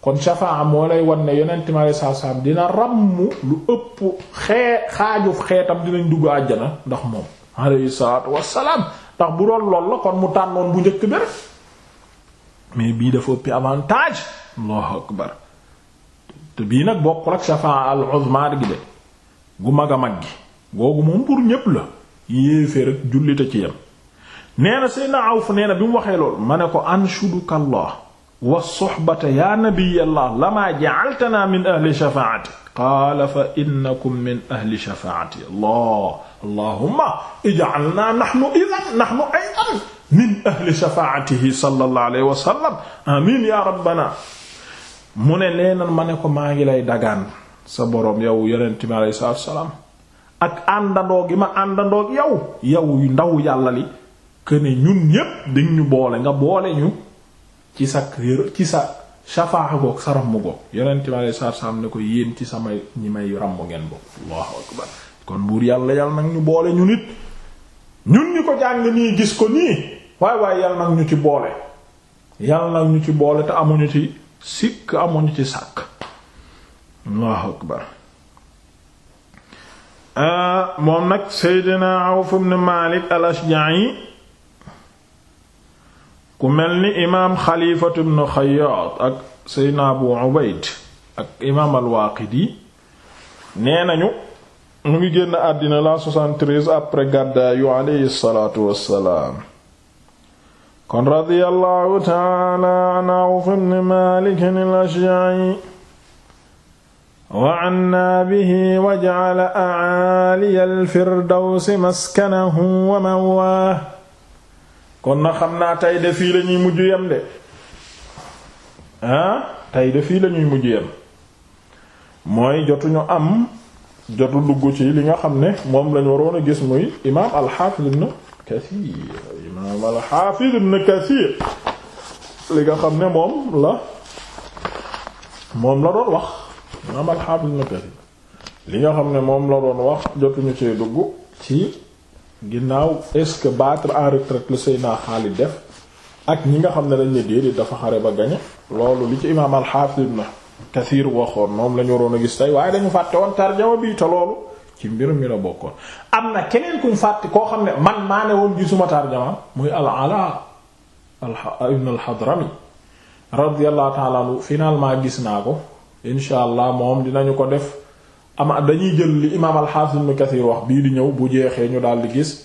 kon shafaa moo lay wan ne yonent mi alayhi salaatu salaam dina ràmm lu ëpp xee xaaju xeetam dinañ dugg àjjana ndax moom alayhi salaatu ndax bu doon lool la kon mu tànnoon bu njëkk bi rek mais bii dafa ëppi avantage allahu akbar te bii nag bokkul ak shafaa al uzma gi de gu mag a mag gi googu moom pour ñépp la yéefee rek jullite ci yem nee na Seydina Awf nee na bi mu waxee lool ma ne ko anshuduka allah wa soxbata ya nabiyallah lama ja'altana min ahli shafaati qaala fa innakum min ahli shafaati allah allahumma ij'alna nahnu idhan nahnu min ahli shafaatihi sallallahu alayhi wa sallam amin ya rabbana mu ne nee na ma ne ko maa ngi lay dagaan sa boroom yow yonent mi alayhi salaam ak àndandoo gi ma àndandoo yow yow ndaw yàlla li que ne ñun ñépp dañ ñu boole nga boole ñu ci sa ci sa shafaaxa goog sa ramm goog yonent ma lay saar-saam ne ko yéen ci sama ñi may ramm ngeen bokk allahu akbar kon buur yàlla yàlla nag ñu boole ñu nit ñun ñi ko jàng nii gis ko nii waaye waaye yàlla nag ñu ci boole yàlla nag ñu ci boole te amuñu ci sikk amuñu ci sàkk allahu akbar ah, moom nag seydina Awf ibn Malik al yi ku mel ni imaam xalifatu bnu xayaat ak seydna abu ubayd ak imaam alwaaqidi nee nañu mu ngi génn àddina la 73 après gàddaayu aleyhi salaatu wassalaam kon radiyallahu taala an awf bni malik al-ashja'i wa anna bihi wa ja'ala a'aliya al-firdawsi maskanahu wa mawaahu kon na xam naa tey de fii lañuy ñuy mujj yem de ah tey de fii lañuy ñuy mujj yem mooy jotuñu am jotu dugg ci li nga xam ne moom lañ waroon a gis muy imaam al-Hafiz li nga xam ne moom la moom la doon wax imaam al-Hafiz ibn Kathir li nga xam ne moom la doon wax jotuñu cee dugg ci ginnaaw est-ce que battre en retraite la Seydina Xaalid def ak ñi nga xam ne dañ ne déedéet dafa xare ba gañe loolu li ci imaam al-Hafiz Ibn Kathir waxoon moom la ñu waroon a gis tey waaye dañu fàtte woon tarjama bi te loolu ci mbir mi la bokkoon am na keneen kuñ fàtte koo xam ne man maa ne woon gisuma tarjama muy al-Ala ibn al-Hadrami radiyallahu ta'ala anhu gis naa ko insha allah moom dinañu ko def ama dañuy jël li imaam al-Hafiz Ibn wax bii di ñëw bu jeexee ñu daal di gis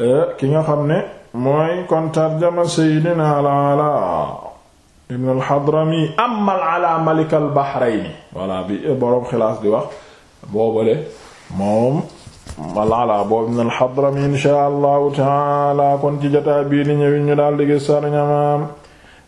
euh, ki nga xam ne mooy kon tarjama Seydina al-Ala ibn al-Hadrami amma al malik al-Bahrayni bi boroom xilaas di wax boobale moom al-Ala boobu ibn al inshaa Allahu taala kon ci jotaay bii di ñëw ñu daal gis sarñamaam